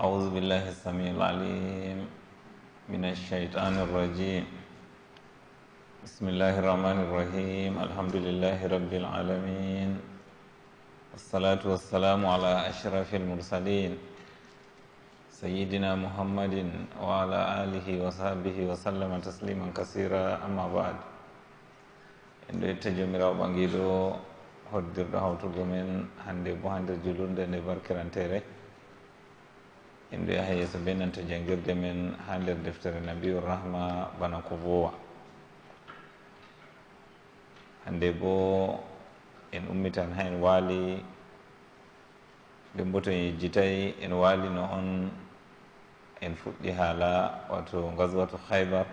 أعوذ بالله السميع العليم من الشيطان الرجيم بسم الله الرحمن الرحيم الحمد لله رب العالمين والصلاة والسلام على أشرف المرسلين سيدنا محمد وعلى آله وصحبه وسلم تسليما كثيرا أما بعد en ɗo yetta jomirawo ɓangiɗo hoddirɗo hawtugo men hande bo hande julurde nde barkirantere en ɗo yaha yeeso be nanta janngirde men haa nder deftere nabiur rahma bana ko vowa hannde boo en ummitan haa en waali ɓe mboto yejjitay en waalino on en fuɗɗi haala wato gaswatu haybar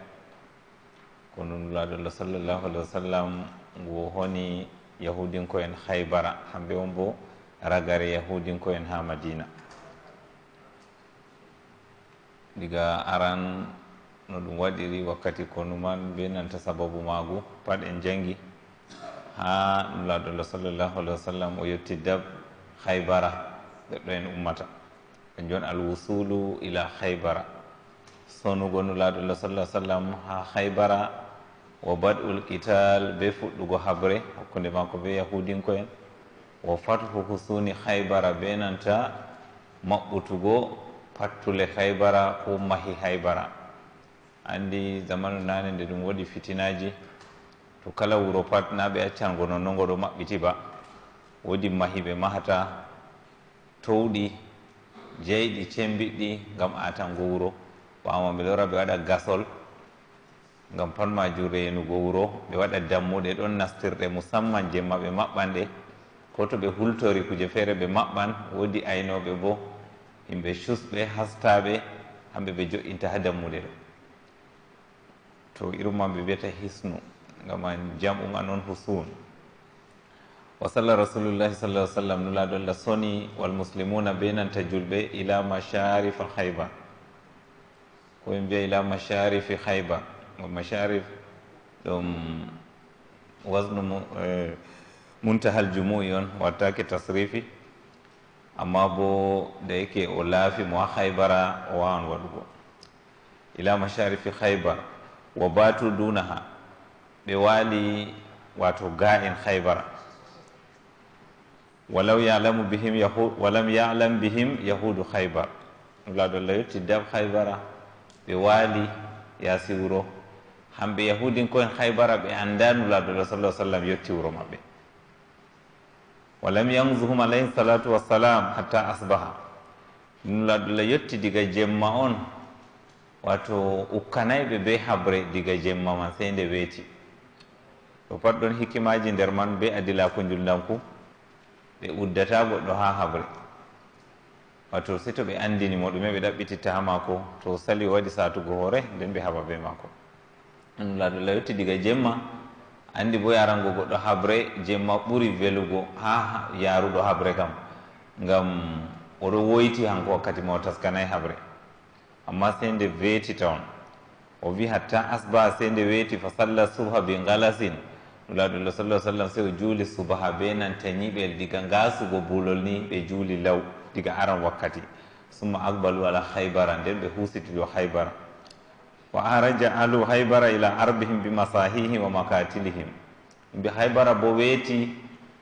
ko nunulaadollah sallllahu alah wa sallam ngu honi yahudinko en haybara hamɓe on boo ragare yahudinko en haa madina diga aran no ɗum waɗiri wakkati konu man be nanta sababu maagu pat en jangi haa ɗum laadolla sallllahu alah wa sallam o yetti dab haybara ɓeɗɗo en ummata ɓe joni alwusulu ila haybara sonugo nu laadolla sall sallam ha haybara wo bad'ul qital be fuɗɗugo habre hakkunde maako be yahudinko en wo fatuhu husuni haybara be nanta maɓɓutugo pattule haybara ko mahi haybara andi zamanu nane nde ɗum waɗi fitinaji to kala wuro pat naɓe accango nonno ngoɗo maɓɓiti ba woodi mahi ɓe mahata towɗi jeyɗi cembiɗɗi gam atango wuro ɓawma ɓe lora ɓe waɗa gasol gam pat maju renugo wuro ɓe waɗa dammuɗe ɗon nastirɗe musamman jemma ɓe maɓɓanɗe ko to ɓe hultori kuje feere ɓe maɓɓan woodi aynoɓe boo himɓe cusɓe hastaɓe hamɓe ɓe joƴinta ha dammude ɗo to irumaɓe biyata hisnu ngam an jam um husun wa salla rasulullahi sallah ah sallam nulaɗo allah soni walmuslimuna be nanta julɓe ila masharif al hayba ko mbiya ila masharifi hayba o masharif ɗum wasnu eh, muntahal jumu'i on wattake tasrifi amma bo da yake o laafi mo ha haybara o wawan waɗugo ila masharifi haybar wa batu dunaha ɓe waali wato ga en haybara walaw yalamu bihim walam yalam bihim yahudu haybar ulaɗo la yetti dab haybara ɓe waali yaasi wuro hamɓe yahudin koyen haybara ɓe anndanulaɗo la sallah sallam yetti wuro maɓɓe wa lam yanzuhum alayhi salatu wassalam hatta asbaha ɗum laɗula yetti diga jemma on wato ukkanayɓe be habre diga jemma man sey nde weeti ɗo pat ɗon hikimaji nder man be adilako njullanku ɓe uddata goɗɗo ha habre wato si to ɓe andini mo ɗume ɓe ɗaɓɓititta ha maako to sali o waɗi satugo hoore nden ɓe haɓa be maako ɗum laɗula yetti diga jemma anndi bo yarango goɗɗo habre jemma ɓuri welugo ha yaruɗo habre kam ngam oɗo woyti hanko wakkati ma o taskanayi habre amma se nde weeti tawon o wi hatta asba se nde weeti fa salla subha bi galasin ɗulaɗullah salah sallam sey o juuli subaha be nanta ñiɓel diga ngasugo buulol ni ɓe juuli law diga aran wakkati summa akbalu ala haybara nden ɓe huusitiɗo haybara wa araja alu haybara ila arbihim bimasahihim wa makatilihim mbi haybara bo weeti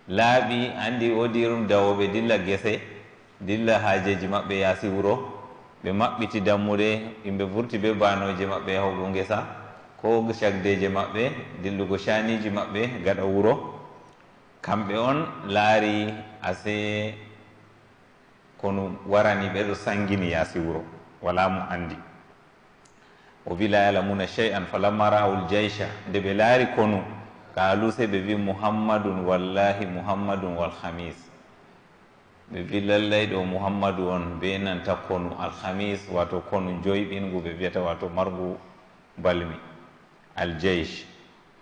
laaɓi anndi woodi irum dawoɓe dilla gese dilla haajeji maɓɓe yaasi wuro ɓe maɓɓiti dammude yimɓe vurti be banoje maɓɓe yahuɗo e gesa ko cagdeje maɓɓe dillugo caniji maɓɓe gaɗa wuro kamɓe on laari ase kono warani ɓeɗo sangini yaasi wuro wala mo anndi o wi la yalamuna chey an falamma rahawul jaycha nde ɓe laari konu kaalu sey ɓe wi muhammadun wallahi muhammadun walhamis ɓe wi lallay ɗo muhammadu on be nanta konu alhamis wato konu joyɓingu ɓe wiyata wato margu balmi aljeyce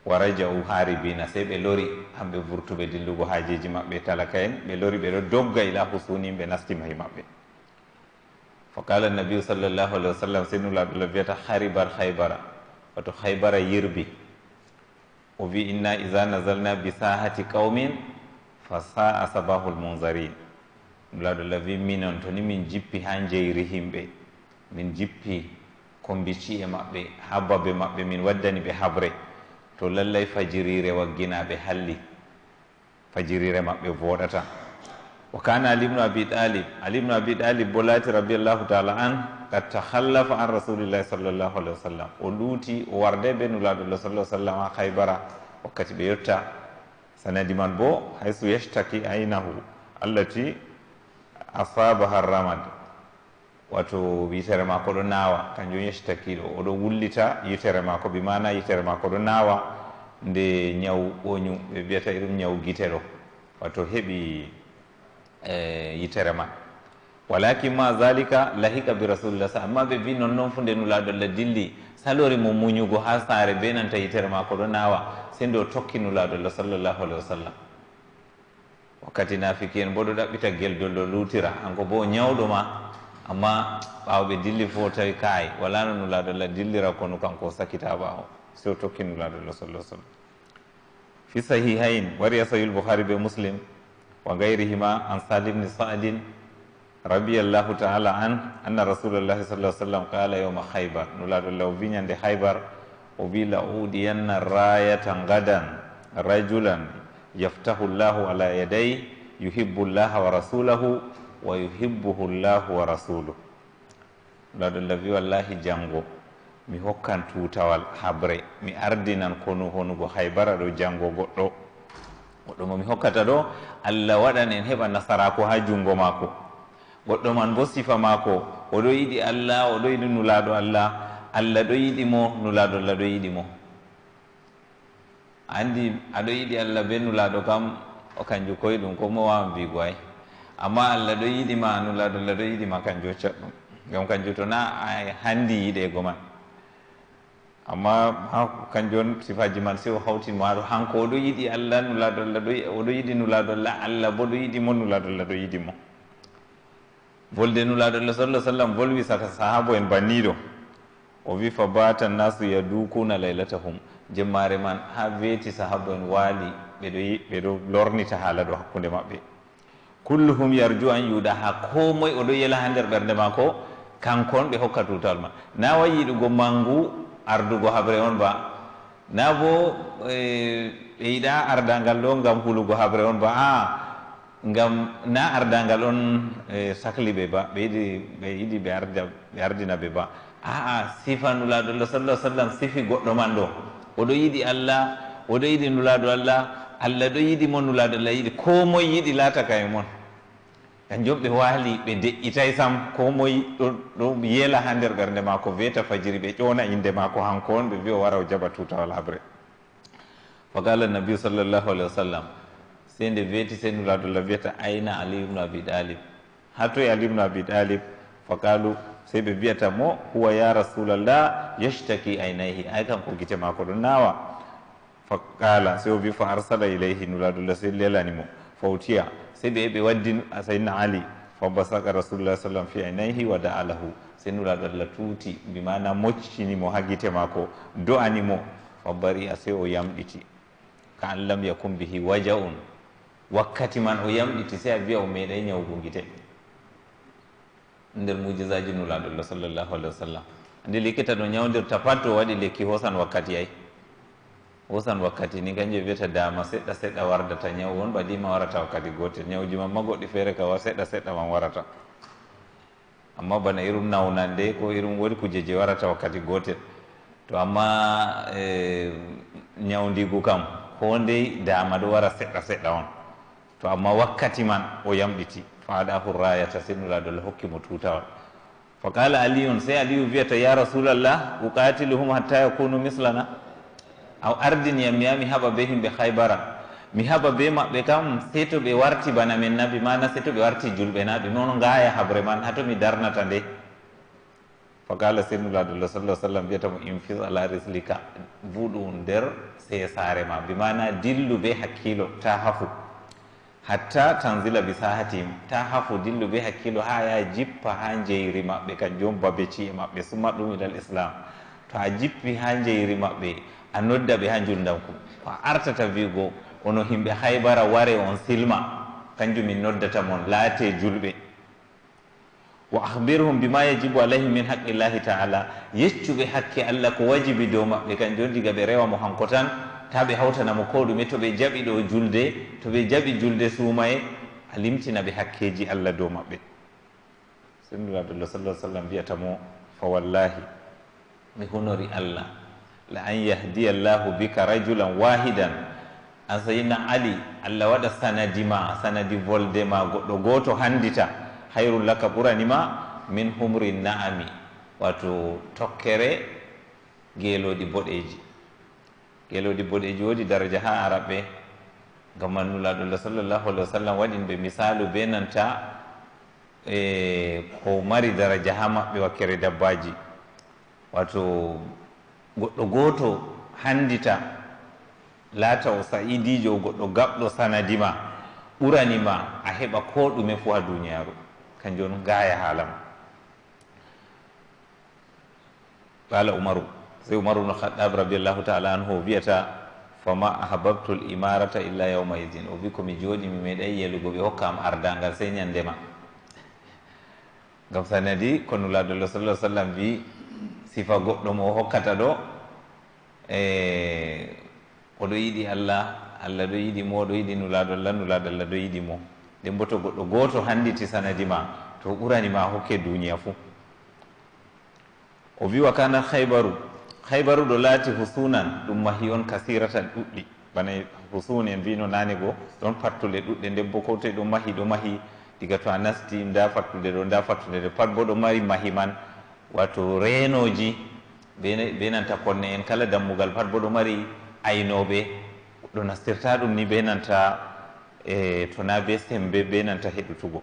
wara jaw haribina sey ɓe lori hamɓe vurtuɓe dillugo haajeji maɓɓe talaka en ɓe lori ɓeɗo dogga ila husuniɓe nastimahi maɓɓe fa kala nabiu sallllahu alihi wa sallam sey nulaa ɗo la wiyata haribar haybara wato haybara yirbi o wi inna iza nazalna bi sahati qawmin fa saa sabahu lmunzarin nulaa ɗo la wi minon to ni min jippi haa njeyri himɓe min jippi ko mbici e maɓɓe habbabe maɓɓe min waddani ɓe habre to lallay fajirire wagginaaɓe halli fajirire maɓɓe vooɗata wa kana alibnu abi talib alibnu abi talib bolati radiallahu taala an ka tahallafa an rasulillahi sallllahu alih wa sallam o luuti o warde ɓe nulaɗolo sa ah sallam a haybara wakkati ɓe yetta sanadi man bo haysu yestaki aynahu allati asabaha ramad wato yitere mako ɗo nawa kanjum yestaki ɗo oɗo wullita yitere mako ɓi mana yitere mako ɗo nawa nde ñaw ɓoñu ɓe mbiyata irum ñaw guite ɗo wato heeɓi E, yitere ma walakin ma zalika lahika bi rasulillah sa amma ɓe mbi noon noon fu nde nulaɗolla dilli salori mo muñugo ha saare be nanta yitere ma ko ɗo nawa se nde o tokki nulaɗolla sallllahu alahi wa sallam wakkati nafiki en mboɗo ɗaɓɓita geldol ɗo lutira anko bo ñawɗo ma amma ɓawɓe dilli fo tawi kaay walano nulaɗolla dillira kono kanko sakita ɓawo se o tokki nulaɗolla sallah sallam fi sahihain wari a sahil bouhari be muslim wa gayrihima an salibni sadin radiallahu taala an anna rasulullahi sa sallam qala yowma haybar nulaɗo law viñande haybar o wi la uɗiyanna rayata gadan rajulan yaftahu llahu ala yaday yuhibbu llaha wa rasulahu wa yuhibbuhu llahu wa rasuluh nulaɗo la wi wallahi janngo mi hokkan tutawal habre mi ardinan kono honugo haybara ɗo janngo goɗɗo goɗɗo mo mi hokkata ɗo allah waɗan en heɓa nasarako ha jungo maako goɗɗo man bo sifa maako oɗo yiɗi allah oɗo yiɗi nulaɗo allah allah ɗo yiɗi mo nulaɗo allah ɗo yiɗi mo andi aɗo yiɗi allah be nulaɗo kam o kanjum koye ɗum ko mo wawa mbigo ay amma allah ɗo yiɗima nulaɗo allah ɗo yiɗima kanjum o catɗum gam kanjum to na a handi yiɗego man amma kanjo on sifaji man si o hawtinmo aɗo hanko oɗo yiɗi allah nulaado allah oɗo yiɗi nulaado allah allah bo ɗo yiɗimo nulaado allah ɗo yiɗimo volde nulaaɗo allah sallah sallam volwi saka sahaabo en banniiɗo o wi fa bata nnasu yadukuna laylatahum jemmaare man haa weeti sahaabo en waali ɓe ɗo ɓe ɗo lornita haala ɗo hakkunde maɓɓe kulluhum yarju an yuuɗa haa koo moye o ɗo yela haa nder ɓernde maa ko kankon ɓe hokka tutawal ma na wayiɗugo manngu ardugo habre on ba na bo ɓe e, yiɗa ardangal ɗo gam hulugo habre on ba a ah, gam na ardangal on e, sahli ɓe ba ɓe yiɗi ɓe yiɗi ɓe arda ɓe ardina ɓe ba aa ah, ah, sifa nulaɗo allah salalah sallam sifi goɗɗo man ɗo oɗo yiɗi allah oɗo yiɗi nulaɗo allah allah ɗo yiɗi mo nulaɗo allah yiɗi ko moe yiɗi laata kay e mon kanjum ɓe waali ɓe de'itay sam ko moye ɗo ɗo yeela ha nder ɓernde ma ko weeta fajiri ɓe ƴona inde ma ko hanko on ɓe wi o wara o jaɓa tutawal habre fa gala nabiu sallllahu alah wa sallam se nde weeti se nuraadullah wiyata ayna aliibnu abi dalib ha toye aliibnu abi dalib fa kalu se ɓe mbiyata mo huwa ya rasulallah yashtaki aynayhi ay kanko gite maako ɗo nawa fa kala se o wi fa arsala ilayhi nuraadullah se lelani mo fa utiya sey ɓe ɓe waddi seydna ali fabasaka rasulullah sallam fi anayhi wa da'a lahu sey nuraɗo allah tuuti mbimana moccinimo ha guite maako do'animo fabari'a sey o yamɗiti ka an lam yakum bihi waja un wakkati man o yamɗiti sey a wiya o meeɗay ñawgo guite nder mujisaji nuraɗo allah sallllahu alih wa sallam andi lekkita ɗo ñawdirta pat o waɗi lekki hosan wakkati yay wusan wakkati ni kañƴe wiyata daama seɗɗa seɗɗa wardata ñaw won ɓadima warata wakkati gootel ñawji mamma goɗɗi feere kawa seɗɗa seɗɗa man warata amma bana irum nawnan de ko irum woodi kujeji warata wakkati gootel to amma ñawndigu e, kam ko ndey daama ɗo wara seɗɗa seɗɗa on to amma wakkati man o yamɗiti faaɗa hu rayata sinnuraɗolla hokki mo tuutawal fa qala aliyun sey aliyu wiyata ya rasulallah uqatiluhum hatta yakunu mislana aw ardini yam mi ya mi haɓa be himɓe haybara mi haɓa be maɓɓe kam se to ɓe warti bana min nabi mana se to ɓe warti julɓe naɓe noon ngaya haɓre man hato mi darnata nde fa kala sernul adullah salalah sallam mbiyata mo infis ala rislika buuɗu nder seesare ma bi mana dillu be hakkilo ta hafu hatta tanzila bi sahatim ta hafu dillu be hakkilo ha ya jippa ha jeyri maɓɓe kan jom babe ci e maɓɓe summat ɗum ilal islam to a jippi ha jeyri maɓɓe a nodda ɓe ha juldanku ko a artata wigo ono himɓe haybara ware on silma kanjum min noddata mon laate julɓe wa ahbirhum bima yajibu alayhi min haqqillahi taala yeccuɓe hakke allah ko wajibi dow maɓɓe kanjum diga ɓe rewa mo hanko tan ta ɓe hawtanamo ko ɗume to ɓe jaɓi ɗo julde to ɓe jaɓi julde suumaye a limtina ɓe hakkeji allah dow maɓɓe sennuraɓe llah sallah sallam mbiyatamo fa wallahi mi honori allah la an yahdiya llahu bika rajulan wahidan an sayidna ali allah waɗa sanadi ma sanadi volde ma goɗɗo goto handita hayru laka ɓurani ma min humri naami wato tokkere geeloɗi boɗeji geeloɗi boɗeji woodi daraja ha araɓɓe ngam mannulaɗo llah sallllahu alih wa sallam waɗin ɓe misalu be nanta e ko mari daraja ha maɓɓe wakkere dabbaji wato goɗɗo gooto hanndita laata o sa'idiijo o goɗɗo gaɓɗo sanadi ma ɓurani ma a heɓa ko ɗume fof a duuniyaaru kanjum on gaaya haala ma ɓaala umaru sey umaru bnu khaɗab radiallahu taala anhu o wiyata fama ahbabtu l imarata illa yawma idin o wi ko mi jooɗi mi meeɗay yelugo ɓe hokkaam ardangal sey ñannde ma ngam sanadi ko nulaadolo sallah sallam wii sifa goɗɗo mo hokkata ɗo e oɗo yiɗi allah allah ɗo yiɗi mo ɗo yiɗi nulaɗo allah nulaɗo allah ɗo yiɗi mo nden bo to goɗɗo gooto handiti sanadi ma to ɓuranima hokke duniya fuu o wiwa kana haybaru haybaru ɗo laati husunan ɗum mahi on kasirata ɗuɗɗi bana husun en mbino nane goo ɗon fattule ɗuɗɗe nden bo kowtoye ɗo mahi ɗo mahi diga to a nasti nda fattule ɗo nda fattule ɗe pat bo ɗo mari mahi man wato renoji be nanta konne en kala dammugal pat bo ɗo mari aynoɓe ɗo nastirta ɗum ni be nanta e tona be sembe be nanta heɗutugo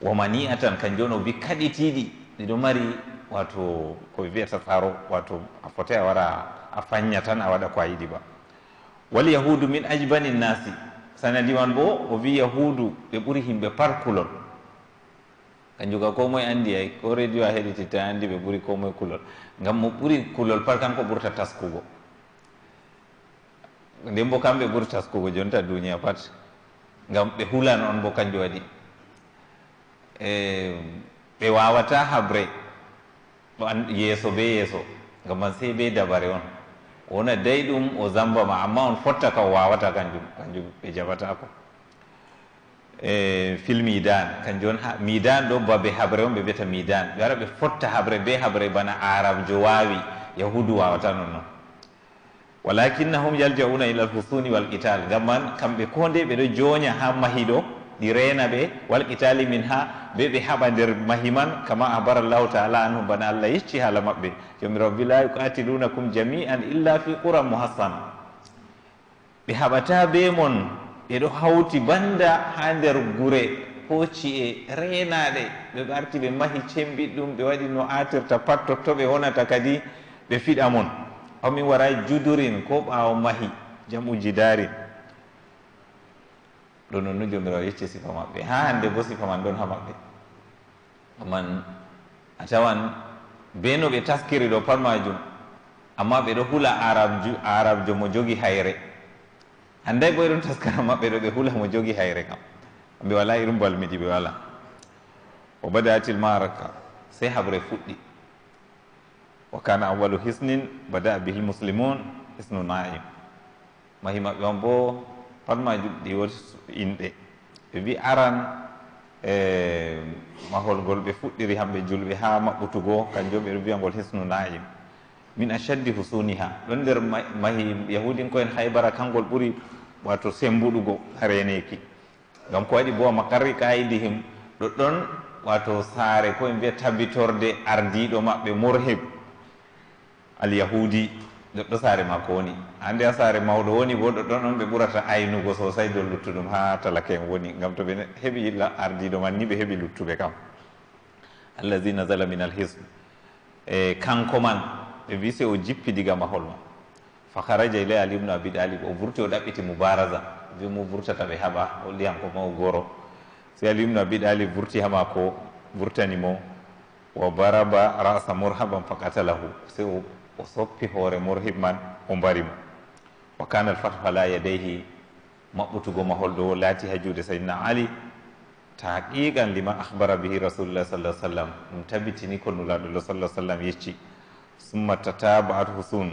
wo atan kanjum joni o bi kaɗitiɗi ɗiɗo mari wato ko ɓe wiyata tsaro wato a fotai a wara a fanya tan a waɗa ko a yiɗi ba wal yahudu min ajbani nnasi sanadiwan bo o wi yahudu ɓe ɓuri himɓe parkulon kanjuga ka ko moye ay ko radio a heɗititta andi ɓe ɓuri ko kulol ngam mo ɓuri kulol pat kanko ɓurta taskugo nden bo kamɓe ɓuri taskugo jonta duniya pat ngam ɓe hulan on bo kanjum waɗi e ɓe wawata habre yeeso be yeeso ngam man sey be dabare on wona dayi ɗum o zamba ma amma on fotta ka o wawata kanjum kanjum ɓe jaɓata ko E fil midan kanjo on midan ɗo babe habre on ɓe wiyata midan ɓe wara ɓe fotta habre be habre bana arabjo wawi yahudu wawata non noon walakinnahum yaljauna ila alfusuni wal qital ngam man kamɓe ko nde ɓeɗo joña ha mahiɗo ɗi rena ɓe wal qitali min ha ɓe ɓe haɓa nder mahi man kama abara llahu taala anhu bana allah yecci haala maɓɓe jomirabbi la yuqatilunakum jamian illa fi qura muhassana ɓe haɓata be mon E ɓe ɗo hawti bannda haa nder gure hooci e reenaaɗe ɓe arti ɓe mahi cembiɗ ɗum ɓe waɗi no aatirta pat totto ɓe wonata kadi ɓe fiɗa mon omin wara judurin ko ɓaawo mahi jam uji daarin ɗo nonno jomirawo yecce sifa maɓɓe haa hannde bo sifa man ɗon haa maɓɓe aman a tawan be no ɓe taskiri ɗo pat maajum amma ɓe ɗo hula arabjo arabjo mo jogi hayre annday boy ɗon taskara maɓɓe ɗo ɓe hula mo jogi hayre kam ɓe wala irum balmiji ɓe wala o badatil maraka sey habre fuɗɗi wa kana awalu hisnin bada'a bihi lmuslimun hisnu naim mahi maɓɓe on bo patmaji ɗi woti inɗe ɓe wi aran e mahol ngol ɓe fuɗɗiri hamɓe julɓe ha maɓɓutugo kanjum ɓeɗo mbiya ngol hisnu naim min achaddi husuniha ɗon nder mahi yahudi n koyen haybara kangol ɓuri wato sembuɗugo areneki gam ko waɗi bo makarri kayidihim ɗo ɗon wato saare koyen mbiya tabitorde ardiɗo maɓɓe morhib alyahudi ɗoɗɗo saare makko woni hande a saare mawɗo woni bo ɗoɗɗon ɗon ɓe ɓurata aynugo sosay do luttuɗum ha talake en woni gam to ɓe heeɓi ardiɗo man ni ɓe heeɓi luttuɓe kam allahi nazala min alhism e kanko man ɓe mbi se o jippi diga mahol ma fa haraja ila alibnu abi dalib o vurti o ɗaɓɓiti mubaraga vi mo vurtata ɓe haɓa o liyan ko ma o goro se alibnu abi dalib vurti ha mako vurtani mo wa baraba rasa morhaban fa qatalahu se o, o soppi hoore morhib man o mbarimo wa kana alfatu fala yadayhi maɓɓutugo mahol ɗo laati ha juude sayidna ali taqiqan liman ahbara bihi rasulullah sallah sallam ɗum tabitini ko nulaɗo lo sallah sallam yecci summa tatabatuhu sun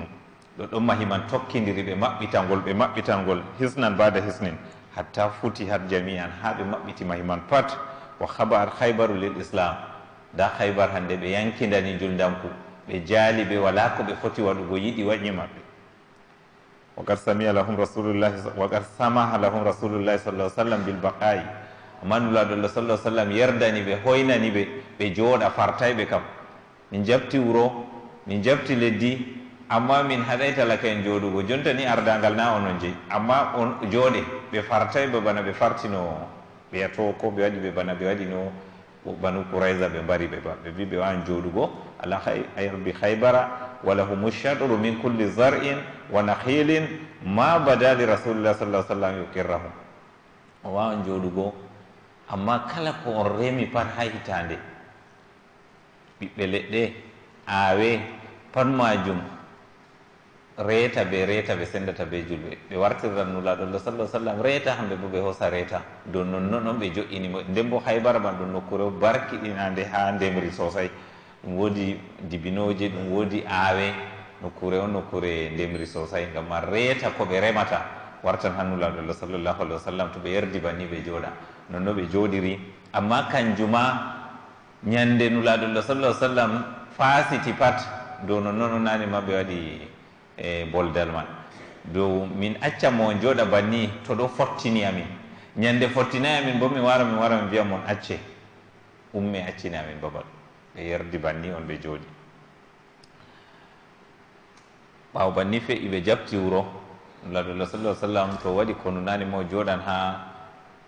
ɗo ɗon mahiman tokkidiri ɓe maɓɓitangol ɓe maɓɓitangol hisnan bada hisnin hatta futi hat jamian ha ɓe maɓɓiti mahiman pat wa habar haybaru lil islam da haybar hande ɓe yankidani juldanku ɓe jaali ɓe wala ko ɓe foti waɗugo yiɗi waƴi maɓɓe wagad samia lahum rasulullahi wagad samaha lahum rasulullahi sallah sallam bil baqayi amanulaɗolla sallah sallam yerdani ɓe hoynani ɓe ɓe jooɗa fartayɓe kam min jabti wuro min jabti leddi amma min haɗay talaka en jooɗugo jonta ni ardagal na onon jeyi amma on jooɗe ɓe fartay ɓe bana ɓe fartino ɓeyato ko ɓe waɗi ɓe bana ɓe waɗino banu kouraisa ɓe mbari ɓe ba ɓe mbi ɓe wawan jooɗugo ala ayrbi haybara wala humu chaɗru min culli zar'in wa nahilin ma bada li rasulillah sal lah sallam yukirrahum o wawan jooɗugo amma kala ko on remi par ha hitande ɓiɓɓe leɗɗe aawe pat majum reeta ɓe reeta ɓe sendata ɓe julɓe ɓe wartirran nula ɗo lo sallah sallam reeta hamɓe bo ɓe hoosa reeta dow nonnon on ɓe joƴinimo nden bo haybara ma ɗum nokkure o barkiɗinande ha ndemri sosay ɗum woodi dibinoji ɗum woodi aawe nokkure o nokkure ndemri sosay gam ma reeta koɓe remata wartan ha nula ɗo lo sallllahu alih wa sallam to ɓe yerdi banni ɓe jooɗa nonno ɓe jooɗiri amma kanjuma ñande nulaɗo lo sallah sallam fasiti pat dow no noon nani maɓɓe waɗi e boldal man dow min accanmo o jooɗa banni to ɗo fottini amin ñande fottinayi amin bo min wara min wara min mbiya mon acce umme accini amin babal ɓe yerdi banni on ɓe jooɗi ɓaw banni feƴi ɓe jabti wuro laɗullah salalah sallam to waɗi konunani mo jooɗan ha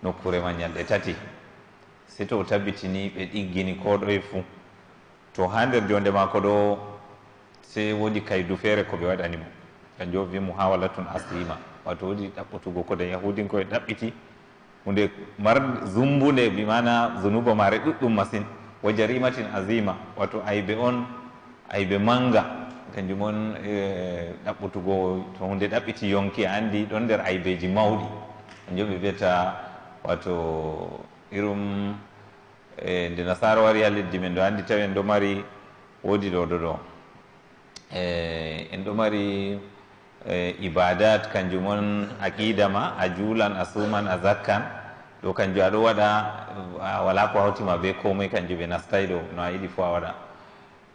nokkure ma ñalɗe tati si to tabbitini ɓe ɗiggini ko ɗoye fuu to ha nder jonde mako ɗo sey woodi kaydu feere ko ɓe waɗani mo kanjum o wimo ha walla toon aslima wato woodi ɗaɓɓutugo ko da yahudinko e ɗaɓɓiti hunde mar zumbunde bimana zunuba mare ɗuɗɗum masin wa jarimatin azima wato aybe on aybe manga kanjum on e, ɗaɓɓutugo to hunde ɗaɓɓiti yonki andi ɗon nder aybeji mawɗi kanjum ɓe wiyata wato irum e nde nasara wari ha leddi men ɗo andi taw en ɗo mari woodi ɗo ɗo ɗo e en ɗo mari e, ibadat kanjum on aqida ma a juulan a suman a zakkan ɗo kanjum aɗo waɗa wala ko hawtima be komoy kanjum ɓe nastay ɗo no a yiɗi fo a waɗa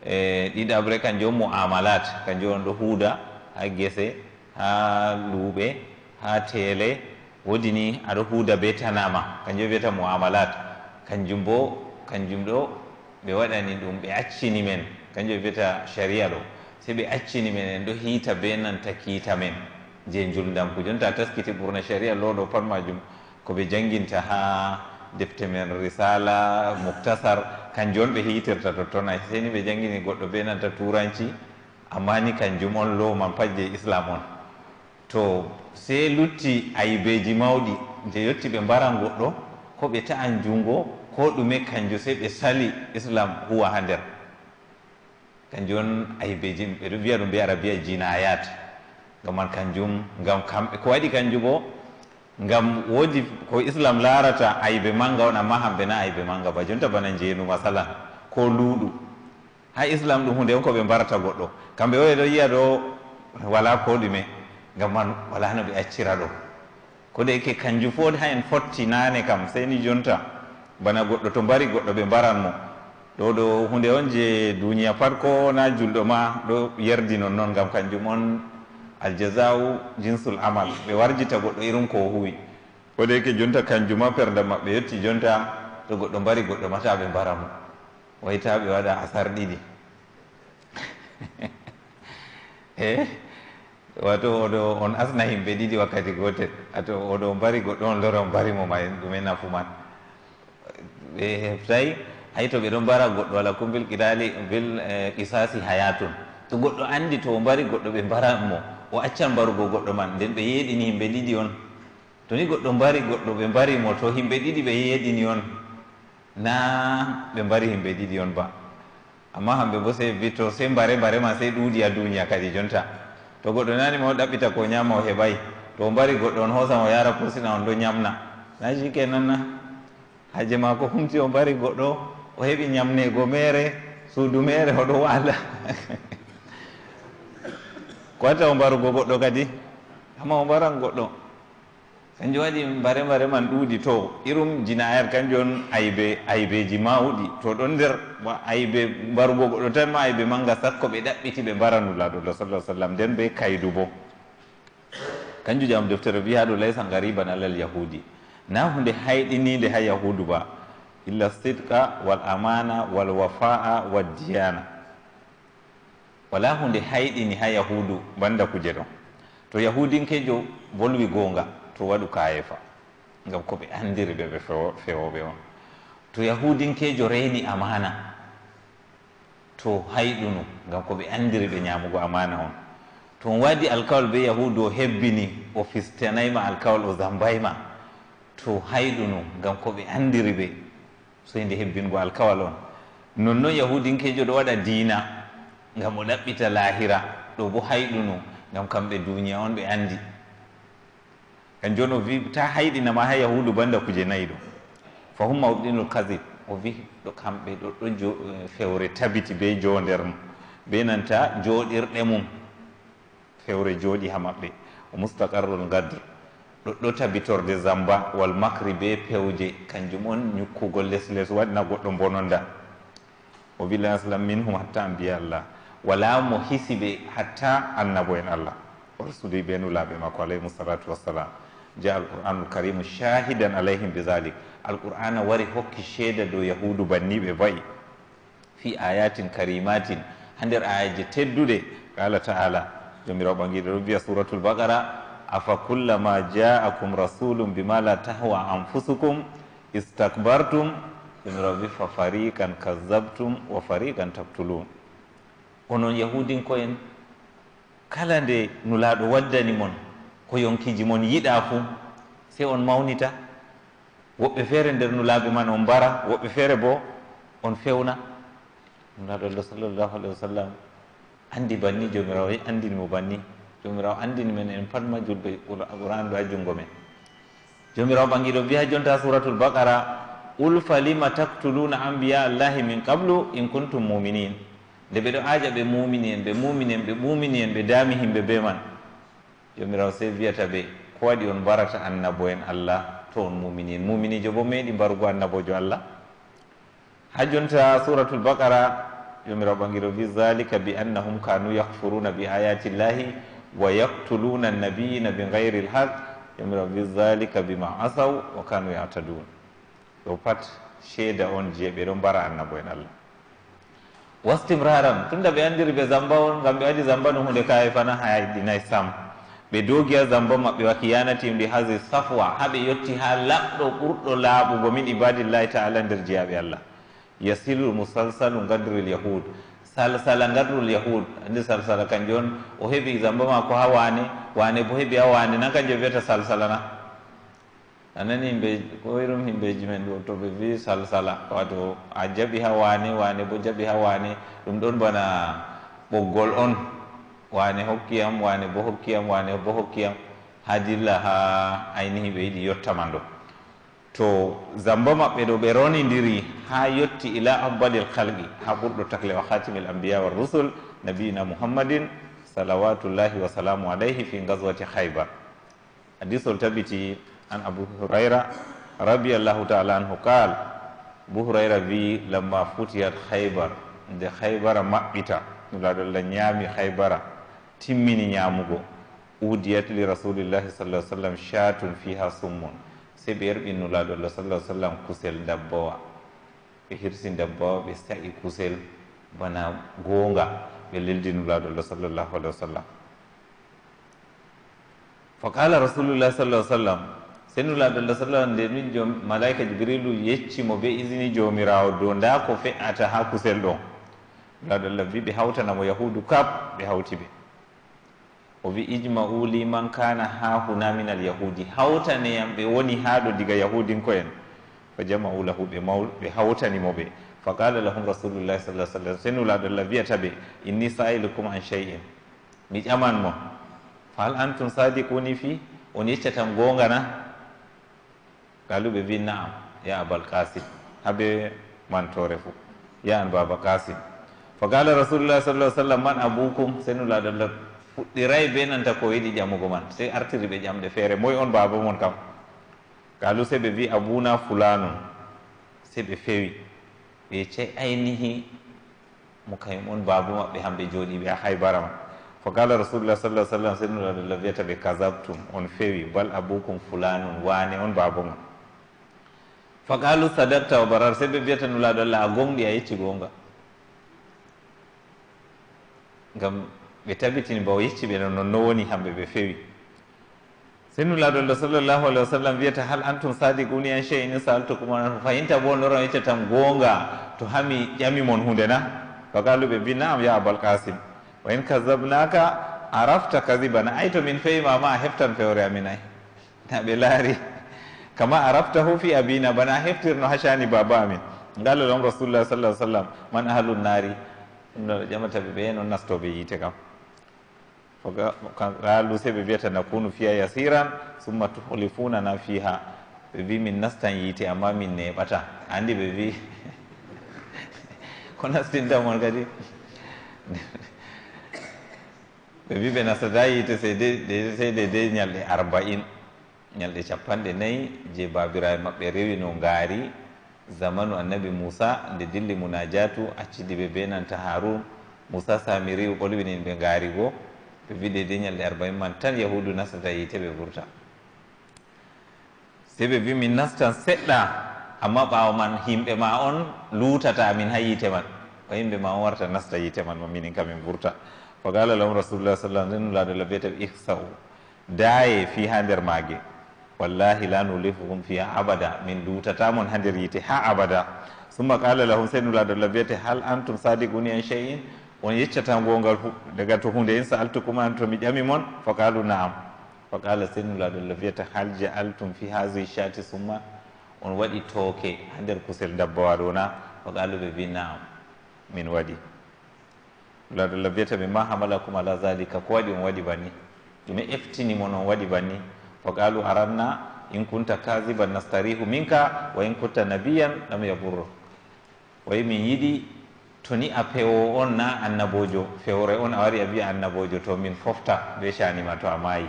e ɗiɗabre kanjum on muamalat kanjum on ɗo huuda ha gese ha luuɓe ha teele woodi ni aɗo huuda be tanama kanjum o wiyata muamalat kanjum bo kanjum ɗo ɓe waɗani ɗum ɓe accini men kanjum ɓe biyata sharia ɗo sei ɓe accini men en ɗo hiita be nanta kiita men je juldanku jonta taskiti ɓurna sharia loɗo pat majum ko ɓe janginta ha defte men risala moctasar kanjum on ɓe hiitirta totton a sei ni ɓe jangini goɗɗo be nanta turanci amma ni kanjum on low man pat je islam on to sei lutti ayibeji mawɗi nde yetti ɓe mbaran goɗɗo ko ɓe ta an jungo ko ɗume kanju sey ɓe sali islam huwa ha nder kanju on aybeji ɓeɗo mbiya ɗum be arabia jinayat gaman kanjum gam kamɓe ko waɗi kanju bo gam woodi ko islam larata aybe manga on amma hamɓe na aybe manga ba jonta bana jeenu masalan ko luuɗu ha islam ɗum hunde on ko ɓe mbarata goɗɗo kamɓe oɗo e yiya ɗo wala ko ɗume gam man wala no ɓe accira ɗo ko de ke kanju fo ha en fotti nane kam seyni jonta bana goɗɗo to mbari goɗɗo ɓe mbaran mo ɗo ɗo hunde on je duniya pat ko na julɗo ma ɗo yerdi non noon gam kanjum on aljazau jinsul amal ɓe warjita goɗɗo irum ko huwi woɗeke jonta kanjuma perda maɓɓe yetti jonta to goɗɗo mbari goɗɗo mata ɓe mbara mo wayta ɓe waɗa asar ɗiɗi e wato oɗo on asna himɓe ɗiɗi wakkati gotel ato oɗo mbari goɗɗo on loro mbarimo ma en ɗumen nafuman ɓe heftayi hay to ɓeɗo mbara goɗɗo wala ko bil qidali bil e, qisasi haya toon to goɗɗo andi to o mbari goɗɗo ɓe mbaran mo o accan mbarugo goɗɗo man nden ɓe yeɗini himɓe ɗiɗi on to ni goɗɗo mbari goɗɗo ɓe mbari mo to himɓe ɗiɗi ɓe yeɗini on na ɓe mbari himɓe ɗiɗi on ba amma hamɓe bo sey bi to sey mbare mbare ma sey ɗuuɗi a duniya kadi jonta to goɗɗo nani mao ɗaɓɓita ko ñama o heɓay to o mbari goɗɗo on hoosan o yara pursina on ɗo ñamna na cikenanna haaje ma ko humti o mbari goɗɗo o heɓi ñamneego meere suudu meere oɗo waala ko wata o mbarugo goɗɗo kadi amma o mbaran goɗɗo kanjum waɗi mbare mbare man ɗuuɗi to irum jinayat kanjum on aybe aybeji mawɗi to ɗon nder aybe mbarugo goɗɗo tan ma aybe manga sakko ɓe ɗaɓɓiti ɓe mbaranu laɗoɗo sallah sallam nden be kaydu bo kanjum jam deftere wiyaɗo laysa gariban alal yahudi na hunde hayɗininde ha yahudu ba illa sidqa wal amana wal wafa'a wal diyana wala hunde hayɗini ha yahudu banda kuje ɗon to yahudinkejo bolwi gonga to waɗu kayefa ngam ko ɓe andiri ɓe ɓe fewoɓe on to yahudinkejo reyni amana to hayɗunu ngam ko ɓe andiri ɓe ñamugo amana on to waɗi alkawal be yahudu o hebbini o fistanayma alkawal o zambayma to hayɗunu ngam ko ɓe andiri ɓe so ide hebbingo alkawal on nonnoon yahudinkejo ɗo waɗa diina ngam o ɗaɓɓita laahira ɗo bo hayɗunu ngam kamɓe duniya on ɓe andi kan joni o wi ta hayɗinama ha yahudu banda kuje nayi ɗo fa hum mawɗinul kasib o wi ɗo kamɓe ɗo ɗo e, fewre tabiti be jonder be nanta joɗirɗe mum fewre jooɗi ha maɓɓe o moustaqarrol gardre ɗoɗɗo tabitorde zamba wal makri be pewje kanjum on ñukkugol les les waɗna goɗɗo bononda o bilah salam min hum hatta mbiya allah wala mo hisi ɓe hatta annabo en allah rasuli ɓenulaɓe makko alayhimu salatu wassalam je alqur'anul karimu shahidan alayhim bidalik alqur'ana wari hokki sheeda dow yahudu banniɓe bayi fi ayatin karimatin ha nder ayaji tedduɗe qala taala jomirawo ɓangiɗe ɗo mbiya suratul bakara afa kullama jaakum rasulum bima la tahwa anfusukum istakbartum ɗum rawi fa farikan kazabtum wa farikan tabtulun onon yahudinkoen kala nde nulaɗo waddani mon ko yonkiji mon yiɗa fuu se on mawnita woɓɓe feere nder nulaɓe man on mbara woɓɓe feere bo on fewna nulaɗo allah sallllahu alahi wa sallam andi banni jomirawo andinimo banni jomirawo andini men en pat majjurde qouranndu ha junngo men jomirawo ɓangiɗo mbiya jonta suratul bakara ulfa lima taktuluna ambiya llahi min qablu in kuntum muminin nde ɓeɗo aaja ɓe mumini en ɓe mumini en ɓe ɓumini en ɓe daami himɓe be man jomirawo sey wiyata ɓe ko waɗi on mbarata annabo en allah to on mumini en muminijo bo meeɗi mbarugo annabojo allah ha jonta suratul bakara jomirawo ɓangiɗo wi zalika bi annahum kanu yahfuruna bi ayati llahi wa yaktuluna annabiina bigayri lhaq yamiran bi dhalika bima asaw wa kanu yatadun ɗo pat sheeda on je ɓe ɗo mbara annabo en allah wastimraran tunda ɓe andiri ɓe zamba on ngam ɓe waɗi zamba no hunde kawe fana ha ɗinay e sam ɓe dogiya zamba maɓɓe waki yanatimdi hasi safwa ha ɓe yetti ha laɓɗo ɓurɗo laaɓugo min ibadillahi taala nder jeyaɓe allah yasilu musalsalu ngandiril yahud sala sala ngardul yahud andi sala sala kanjo on o heɓi zamba ma ko ha wane wane bo heɓi ha wane nan kanjo wiyata sala sala na anani yimɓeji ko irum yimɓeji men ɗo to ɓe wi sala sala wato a jaɓi ha wane wane bo jaɓi ha wane ɗum ɗon bana ɓoggol on wane hokkiyam wane bo hokkiyam wane bo hokkiyam ha dilla ha aynihi ɓe yiɗi yettaman ɗo to zambo maɓɓe ɗo ɓe ronidiri ha yetti ila abadil halqi ha ɓurɗo tacle wa hatimel ambiya wa rusul nabiina muhammadin salawatullahi wasalamu alayhi fi gaswati khayba hadisol tabiti an abu hurayra radi allahu taala anhu qal abu hurayra wi lamma futiyat khaybar nde khaybara maɓɓita ɗulaɗo allah ñaami khaybara timmini ñaamugo udiyat li rasulillahi sallah sallam chatun fiha summon seɓe yerɓinnulaaɗo allah salah sallam kusel dabbowa ɓe hirsi dabbowa ɓe sa'i kusel bana goonga ɓe leldinulaaɗo allah sallllahu alah wa sallam fa qala rasulullah salah sallam senulaaɗo allah sallam nde min jo malaika jibrilu yeccimo be isini joomiraawo dow nda ko fe'ata haa kusel ɗon laaɗo allah mbi ɓe hawtanamo yahuudu kap ɓe hawti ɓe o wi ijmau li man kana ha huna min al yahudi hawtaneyam ɓe woni ha ɗo diga yahudin ko en fa jamau lahu ɓe maw ɓe hawtanimoɓe fa qala lahum rasulullahi sa sallam senulaɗo llah wiyata ɓe inni sailukum an shey in mi ƴamanmo fa hal antum sadiquni fi on yeccatan gongana galuɓe wi naam ya abal kasim haɓe mantore fo ya an baba kasim fa qala rasulullahi sa sallam man abukum senulaɗo llah fuɗɗiray be nanta ko yiɗi ƴamugo man se artiri ɓe ƴamɗe feere moy on baaba mon kam kalu se ɓe wi abuna fulanun se ɓe feewi ɓe yecce aynihi mo kayum on baaba maɓɓe hamɓe jooɗiɓe a haybara ma fo kala rasulullah sallah sallam sednulaallah wiyata ɓe kasabtum on feewi bal abukum fulanun waane on baaba ma fa kalu sadakta o barar se ɓe mbiyata nulaaɗo allah a gonɗi a yecci goonga ngam ɓe tabbitini bawa yecci ɓe noon noon no woni hamɓe ɓe feewi senulaɗo lo sallllahu alah wa sallam wiyata hal antum sadiqouni an cheyin in saaltukum an anhu fa yinta bo noron yecca tan goonga to hami ƴamimon hunde na fakaluɓe mbi naam ya abal kasim wa in kasabnaka a rafta kasibana ay to min feewima ma a heftan fewre amin ay na ɓe laari kama a raftahu fi abina bana a heftirno hacani baba amin ngalla ɗon rasulullah sallah sallam man ahalun naari ɗum noo ɗo ƴamataɓe ɓe noon nastoɓe yiite kam raalu sey ɓe mbiyata nakunu fiya yasiran summa tuhlifuna na fiha ɓe wi min nastan yiite amma min neɓata andi ɓe wi ko nastintamon kadi ɓe wi ɓe nastata yiite sey de de ñalɗe arba'in ñalɗe capanɗe nayyi je babiraɓe maɓɓe rewi no gaari zamanu annabi moussa nde dilli munajatu accidi ɓe be nanta haroun moussa samiri ɓolwinin ɓe gaari goo wideede ñalɗe arbain man tan yahudu nastata yiite ɓe ɓurta si ɓe wi min nastan seɗɗa amma ɓaawa man yimɓe ma on luutata min ha yiite man o yimɓe ma on warta nasta yiite man ma minin ka min ɓurta fo gala lam rasulullah sallam ndenulaadola biyete ihsau daaye fi ha nder maage wallahi la nulifuhum fiha abada min luutata mon ha nder yiite ha abada summa qala lahum sey nulaadola biyete hal antum sadiqu ni en cheyin on yeccata gongal daga to hunde en sa saaltukum an to mi ƴami moon fa naam fa qala sennulaɗolla wiyata hal ja altum fi hasi chati summa on waɗi tooke ha nder kusel dabbawa na fa qalu ɓe mbi naam min waɗi laɗolla wiyata ɓe ma hamalakum ala zalika ko waɗi on waɗi banni ɗume eftini mon on waɗi banni fa qalu aranna in kunta kasiban nastarihu minka wa in kunta nabiyan lam yaburro wayi min yiɗi to ni a pewo on na annabojo fewre on a wari a wiya annabojo to min fofta be canima to a maayi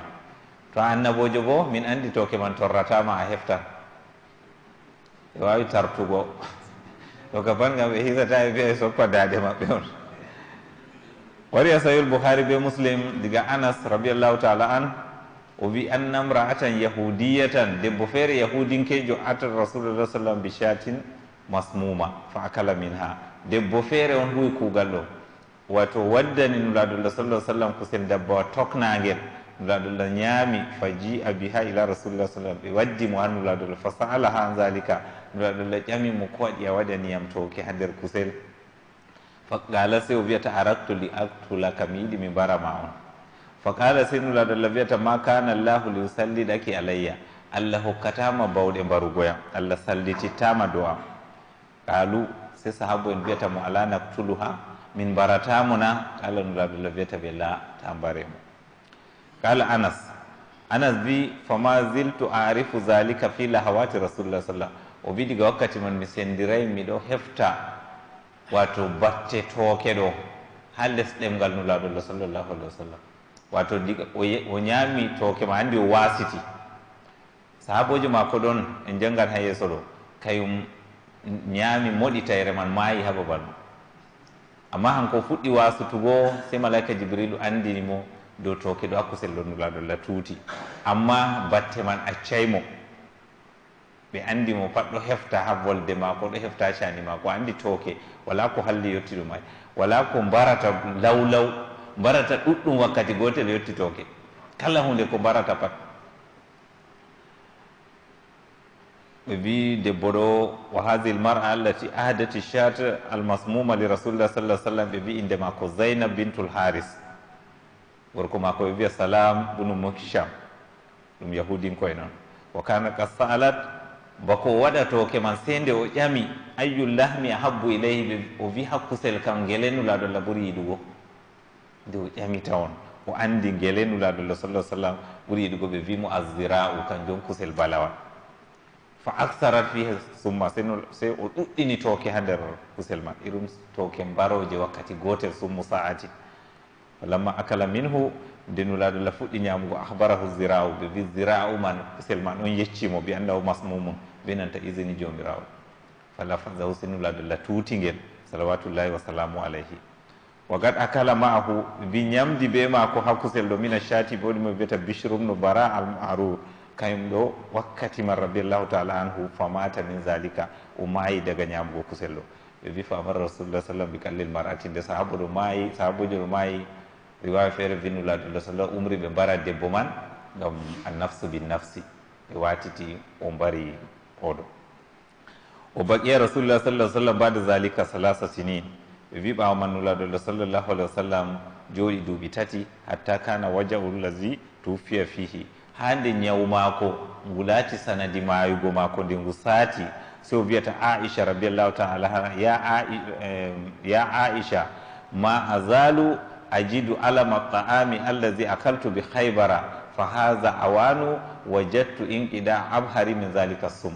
to a annabojo bo min andi toke man torratama a heftan e wawi tartugo to ka bal gam ɓe hisata e be e soppa daade maɓɓe on wari a sawi lboukhari be muslim diga anas radiallahu taala an o wi annamra atan yahudiya tan debbo feere yahudinkejo atat rasulullah sallam bi chatin masmuma fa akala min ha debbo feere on huwi kuugal ɗo wato waddani nulaadullah salllah sallam kosen dabbawa toknaangel nulaadullah ñaami fa ji a biha ila rasulillah sallam ɓe waddi mo han nulaadullah fa saala ha zalika nulaadullah ƴami mo ko waɗi a waɗaniyam toke ha nder kusel faqala se o wiyata aratu li actulaka mi yiɗi mi mbarama on faqala se nulaadullah wiyata ma kana llahu li usalliɗaki alayya allah hokkatama bawɗe mbarugoyam allah sallitittama do am qaalu sey sahaba en wiyata mo ala naktulu ha min mbaratamo na kala nur abdullah wiyata ɓe la ta mbaremo kala anas anas bi fama ziltu arifu zalika fi lahawati rasulillah sallam o wi diga wakkati man mi sendiray miɗo hefta wato batte tooke ɗo ha les ɗemgal nur abdullah sallllahu alih wa sallam wato diga o ñaami tooke ma andi o wasiti sahabojo mako ɗon en jangat ha yesso ɗo kayum ñaami moɗi tayre man maayi ha babal ma amma hanko fuɗɗi wasutugo se malaika jibrilu andini mo dow toke ɗo akkusel lonnulaɗolla tuuti amma batte man accaymo ɓe andi mo pat ɗo hefta ha volde ma ko ɗo hefta cani ma ko andi toke wala ko halli yetti ɗuma wala ko mbarata lawlaw mbarata ɗuɗɗum wakkati gotel yetti toke kala hunde ko mbarata pat vi debbo ɗo wa hasi lmara allati ahdati chat almasmuma li rasulillah salah sallam ɓe wi indema ko zainab bintu lharis gorko mako ɓe wiya salam bunu mokisham ɗum yahudin koye noon wa kana ka salat bako waɗatoke man seynde o ƴami ayu lahmi ahabbu ilayhi ɓe o wi hakkusel kam ngelenulaɗoallah ɓuuri yiɗugo nde o ƴami tawon o andi ngelenulaɗoallah sallah sallam ɓuuri yiɗugo ɓe wimo azira u kanjon kusel balawal fa aktara fiha summa sei o ɗuɗɗini toke ha nder kusel man irum toke mbaroje wakkati gotel summu sa'ati lamma akala minhu ndenulaɗo la fuɗɗi ñamugo ahbarahu zira'u ɓe wi zira'u man kusel man on yeccimo bi anda o masmumum ɓe nanta usini jomirawo fala fadahu senulaɗo la tuutingel salawatullahi wasalamu alayhi wa gad akala maahu ɓe wi ñamdi be maako ha kusel ɗo mina chati ɓe waɗimo wiyata bichrum no bara almaarur kañum ɗo wakkati man radiallahu taala anhu famata min zalika o maayi daga ñamugo kusel o ɓe wi famar rasulullah sallam bi kallel maratinde sahaba ɗo maayi sahabujo ɗo maayi riwawi feere vinnulaadullah sallam umri ɓe mbara debbo man ngam a nafsu bi nafsi ɓe watiti o mbari oɗo o baqiya rasulullah salah sallam mbade zalika salasa sinin ɓe wi ɓawa mannulaadullah sallllahu alih wa sallam jooɗi duuɓi tati hatta kana wajahu llasi tufiya fihi hande ñawu maako ngu laati sanadi maayugo maako nde ngu saati so wiyata aicha radiallahu taala ana ya ya aicha ma azalu ajidu alama taami allazi akaltu bi khaybara fa haha awanu wajattu inqida abhari min dhalika sum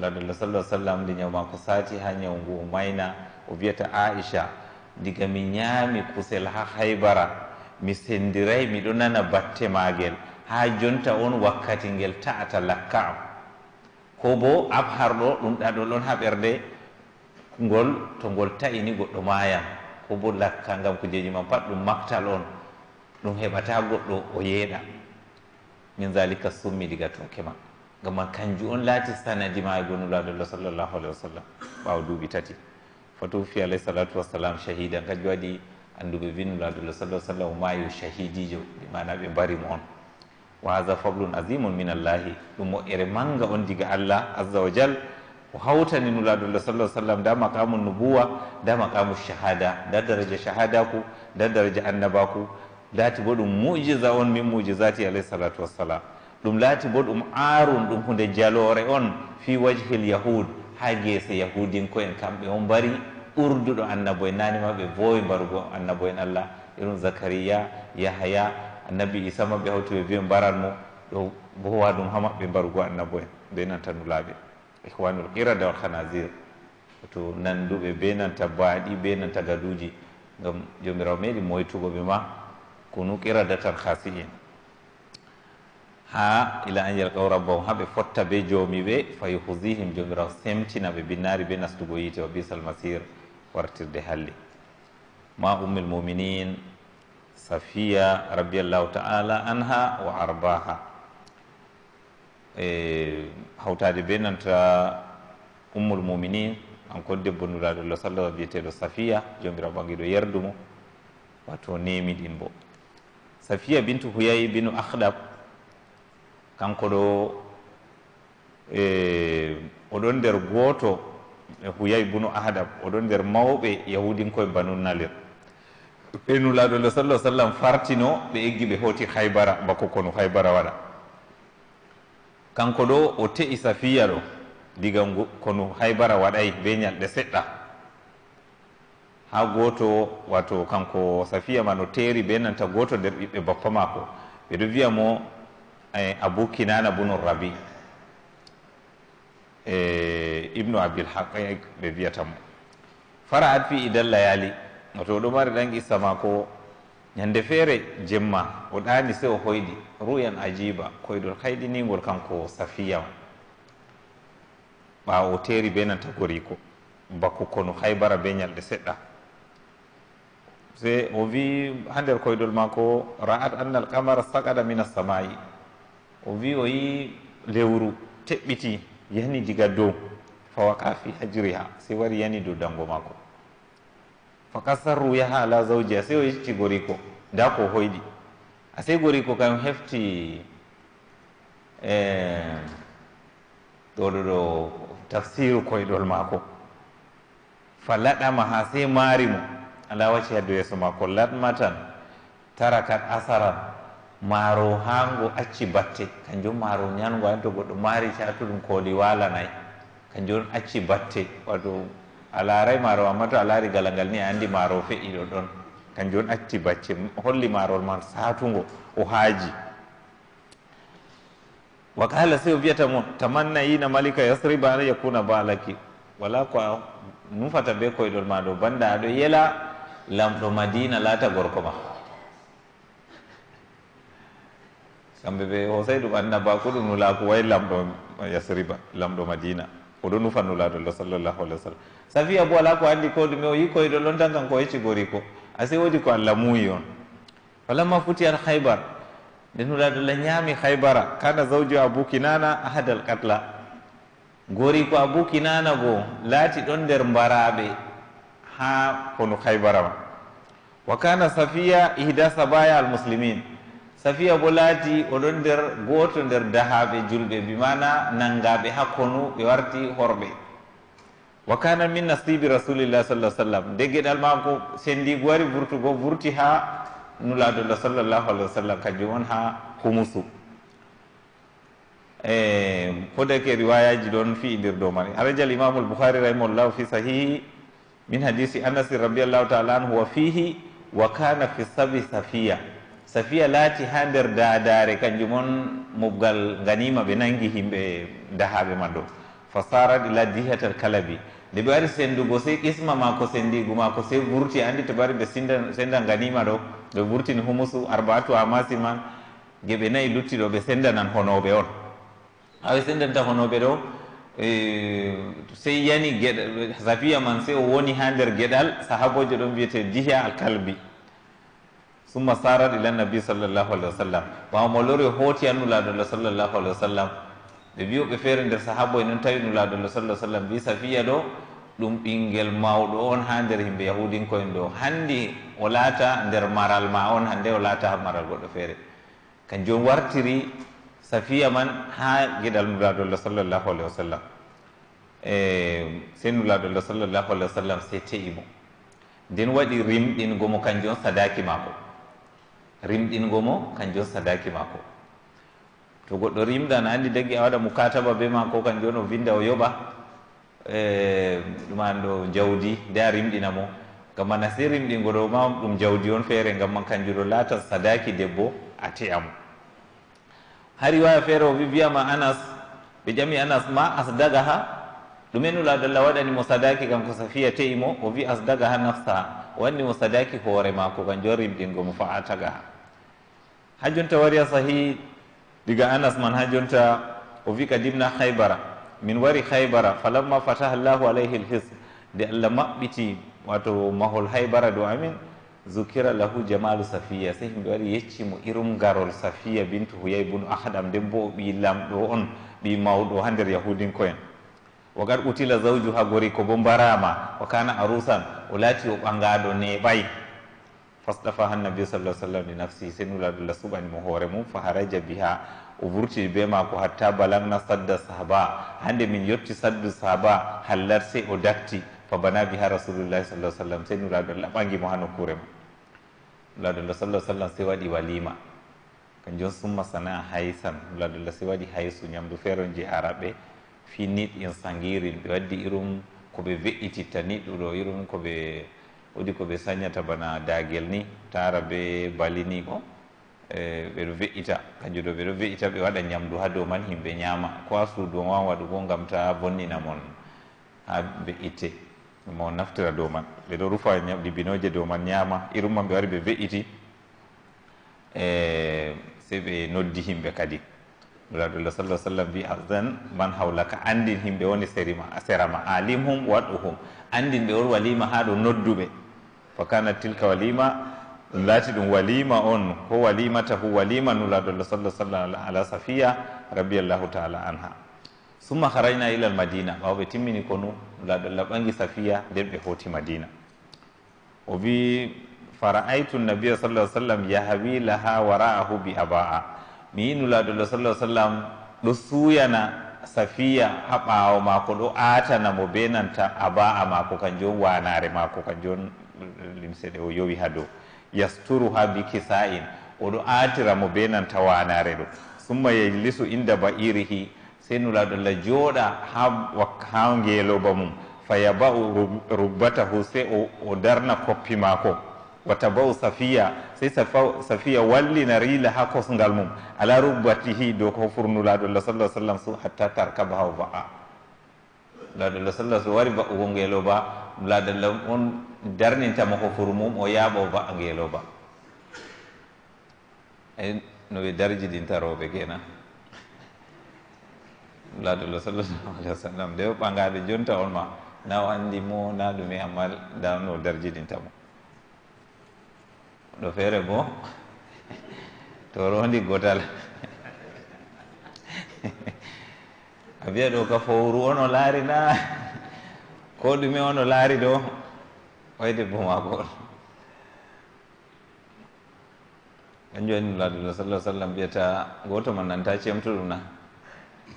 laɗolla sallah sallam nde ñaw mako saati ha ñaw ngu o mayna o wiyata aicha ndiga mi ñaami kusel ha khaybara mi sendiray miɗo nana batte maagel haa jonta on wakkati ngel ta'ata lakka am ko bo abharɗo ɗum ɗaɗo ɗon haa ɓerde ngol to ngol ta'ini goɗɗo maayan ko bo lakka ngam kujeeji man pat ɗum maktal on ɗum heɓata goɗɗo o yeeɗa min zalika summi diga tonke ma ngam man kanju on laati sanadi maagonulaɗolla sallllahu alahi wa sallam ɓaawa duuɓi tati fatufi alayhi salatu wassalam shahida kanju waɗi anndu ɓe winnulaadula sallah sallam maayo cahidijo ɗi manaa ɓe mbari mo on wa haga fablun asimum min allahi ɗum moƴƴere mannga on diga allah azza wa jal o hawtani nulaadulla sallah sallam nda maqamu nubuwa nda maqamu cahada nda daraja cahadaku nda daraja annabaku laati bo ɗum mujiza on min mujizati alayhi salatu wassalam ɗum laati bo ɗum aarum ɗum hunde jaloore on fi wajhi l yahud ha geese yahudin ko en kamɓe on mbari ɓurduɗo annabo en nani ma ɓe vowi mbarugo annabo en allah irin zakariya yahaya annabi isa ma ɓe hawti ɓe mbiya mbaral mo ɗo bowa ɗum ha maɓɓe mbarugo annabo en be nanta nulaɓe ihwanul qirada wal hanasir to nanduɓe be nanta baaɗi be nanta gaduji ngam jomirawo meɗi ɓe ma kunu qiradatan en ha ila an yalqaw rabbahum ha ɓe fotta be joomiɓe fa yuhusihim jomirawo semtina ɓe binnari be nastugo yiite wa bisal masir wartirde halli ma ummil muminin safiya rabiallahu taala anha wa arbaha e hawtade be nanta ummul muminin an kon debbo nuraɗo lo sallah biyeteɗo safiya jomira ɓangiɗo yardumo wato nemi ɗin bo safiya bintu huyay binu ahdab kanko ɗo e oɗon nder gooto E huyay bunu adam oɗon nder mawɓe yahudinkoye banu nalir ɓenulaɗo le sallah sallam fartino ɓe eggi ɓe hooti haybara bako kono haybara waɗa kanko ɗo o te'i safiya ɗo diga kono haybara waɗay be ñalɗe seɗɗa ha gooto wato kanko safiya ma no teeri be nanta gooto nder ɓiɓɓe bappa maako ɓeɗo wiya mo e eh, abou kinana bunu rabi e ibnu abdilhaqaq ɓe wiyata mo fara ad fi idalla yaali to ɗo mari ɗan issa ma ko ñande feere jemma o ɗaani se o hoyɗi ruyan ajiba koyɗol hayɗiningol kanko safiya o ɓaawo o teeri be nanta goriko bakko kono haybara be ñalɗe seɗɗa se o wi ha nder koyɗol maako ra'at anna al qamara sagada min a samayi o wi o yi lewru teɓɓiti yani diga dow fa waqa fi hajriha si wari yani dow dango mako fa kasarru yaha ala zawjiha si o yecci gori ko nda ko hoyɗi ase gori ko kam hefti ɗoɗo eh, ɗo tafsiru koyɗol mako fa laɗama ha se maari mo ala wacci haddo yeeso makko latma tan tarakat asaran maaro haango acci batte kanjum maaro ñango ante goɗɗo maari caatu ɗum kooli walanayi kanjum acci batte wato a laaray maaro ammato a laari galangal ni a anndi maaro feƴiɗo ɗon kanjum acci batte holli maarol man saatungo o haaji wa kala sey o wiyata mo tamanna yina malika yasriba an yakuna baalaki wala ko a nufata be koyɗol ma ɗo bannda aɗo yela lamɗo madina laata gorko ma kamɓe ɓe hosay ɗum annaba ko ɗum nulaako way lamɗo yasriba lamɗo madina oɗo nufa nulaadollo sallllahu alah w sallam sa fi abou ala ko anndi ko ɗume o yikkoy e ɗo lon tan kan ko heccigori ko asi woodi ko allah muuyi on falamma futi al haybar nde nulaadolla ñaami haybara kana zawjo abouki nana ahadal katla gori ko abouki nana bo laati ɗon nder mbaraaɓe haa kono haybara ma wa kana safiya ihda sabaya al muslimine safiya bo laati oɗon nder gooto nder dahaɓe julɓe bimana nanngaɓe hakkonu ɓe warti horɓe wa kana min nasibi rasulillah sallah sallam nde geɗal maako senndigu wari vurtugo vurti ha nulaadullah sallllahu alah wa sallam kanjum on ha humusu e fodake riwayaji ɗon fiindir dow man arajal imamu albouhari rahimahullahu fi sahihi min hadisi anasi rabiallahu taala an huwa fihi wa kana fi sabi safiya safiya laati haa nder daadaare kanjum on mobgal nganima ɓe nangi yimɓe dahaɓe maɗo fa sarat ila dihata kalabi nde ɓe wari sendugo sey qisma ma ko sendigu ma ko sey wurti andi to ɓe wari ɓe senda nganima ɗo ɓe wurtini humusu arbatu amasi ma ge ɓe nayi lutti ɗo ɓe sendanan honoɓe on awe sendanta honoɓe ɗo e, sey yani geɗa safiya man sey o woni ha nder geɗal sahabojo ɗon mbiyete diha alkalbi summa sarat ila nabi sallllahu alih wa sallam ɓawa mo lori hooti annu laaɗollo sallllahu alih wa sallam ɓe mbiyoɓe feere nder sahaba e noon tawi nu laaɗollo sallah sallam mbi safiya ɗo ɗum ɓinngel mawɗo on haa nder himɓe yahudinkoyen ɗo hanndi o laata nder maral ma on hannde o laata ha maral goɗɗo feere kan joni wartiri safiya man haa geɗal nu laaɗollo sallllahu alih wa sallam e sey nu laaɗollo sallllahu alih wa sallam sey te'i mo nden waɗi rimɗingo mo kanjo on sadaki maako rimɗingo mo kanjum sadaki makko to goɗɗo rimɗan andi dagi a waɗa mukataba be makko kanjum on o vinda o yoɓa e, ɗumanɗo jawdi nde a rimɗina mo gam ma nasi rimɗingo ɗo ma ɗum jawdi on feere gam ma kanjum ɗo laata sadaki debbo a teyamo hari wawa feere o wi wiyama anas ɓe ƴami anas ma asdaga ha ɗumen ulaado allah waɗanimo sadaki kanko safiya teyi mo o wi asdaga ha nafsa wanni mo sadaki hoore makko kanjum rimɗingo mo fa a tagaha ha jonta wari a sahii diga anas man ha jonta o wi ka dimna haybara min wari haybara falamma fataha llahu alayhi lhis nde allah maɓɓiti wato mahol haybara do amin zukira lahu jamalu safiya sey himɓe wari yecci mo irum garol safiya bintu huyay bunu ahdam nden bo o ɓi lamɗo on ɓi mawɗo ha nder yahudinko'en wagat utila zawju ha gori ko bo mbarama o kana arusan o laati o ɓangaɗo neɓay fasdafa han nabi sal ah sallam li nafsi sen wulaɗulla suɓanimo hoore mum fa haraja biha o vurtini be maako hatta balanna sadda sahaba hande min yetti saddu sahaba hallar se o datti fa bana biha rasulullahi sal sallam sen wulaɗulla ɓangimo ha nokkure mo wulaɗulla sal sallam se waɗi walima kan jon summa sanaa haysan wulaɗulla se waɗi haysu ñamdu feeron je araɓe finit in sangirin ɓe waddi irum koɓe ve'ititta niɗɗuɗo irum koɓe be... wodi ko ɓe sañata bana daguel ni tara be balini ko ɓeɗo ve'ita kanjum ɗo ɓeɗo ve'ita ɓe waɗa ñamdu ha dow man yimɓe ñaama ko ha suudu on wawan waɗugo gam ta bonnina mon ha ve'itte mo naftira dow man ɓeɗo rufa libinoje dow man ñaama irum man ɓe wari ɓe ve'iti e sey ɓe noddi himɓe kadi nuraɗullah sallah sallam mbi azan man hawlaka andin himɓe woni serima serama alimhum waɗuhum andin ɓe won walima ha ɗo nodduɓe fa kanat tilka walima ɗum laati ɗum walima on ko walimatahu walima nulaɗo llah sall sallam ala safiya rabiallahu taala anha summa harajna ila lmadina ɓawa ɓe timmini konu nulaɗo llah ɓangi safiya nden ɓe hooti madina o wi faraaytu nnabia sall ah sallam yahawi laha waraahu bi aba'a mi yi nulaɗo llah sall sallam ɗo suuyana safiya ha ɓaawo maako ɗo aatanamo be nanta aba'a maako kanjum won wanare maako kanjum limse ɗe o yowi ha dow yasturu ha bikisa in oɗo atiramo be nanta wanare ɗo summa ye lisu inda ba irihi sey nulaɗolla jooɗa ha ha ngeloba mum fayaba'u rubbatahu sey o darna koppi maako wa taba'u safiya sey safiya wallina rila ha kosngal mum ala rubbatihi dow ko fur nulaɗolla sallah sallam su hatta tarkaba ha o ba'a nulaɗolla sallah so wari ba'ugo ngeloba nulaɗolla on darnintamo ko fur mum o yaaɓo ba ngeelo ba ay no ɓe darjidinta rooɓe geena ladullah sallallahu alih wa sallam nde ɓagaade jonta on ma na o anndi mo na ɗume amal nda no darjidinta mo ɗo feere bo to rondi gotal a mbiya ɗo ka fowru ono laari na ko ɗume ono laari ɗo oy debbo ma goon kan joni laduna sallah sallam mbiyata goto ma nanta ceemtuɗum na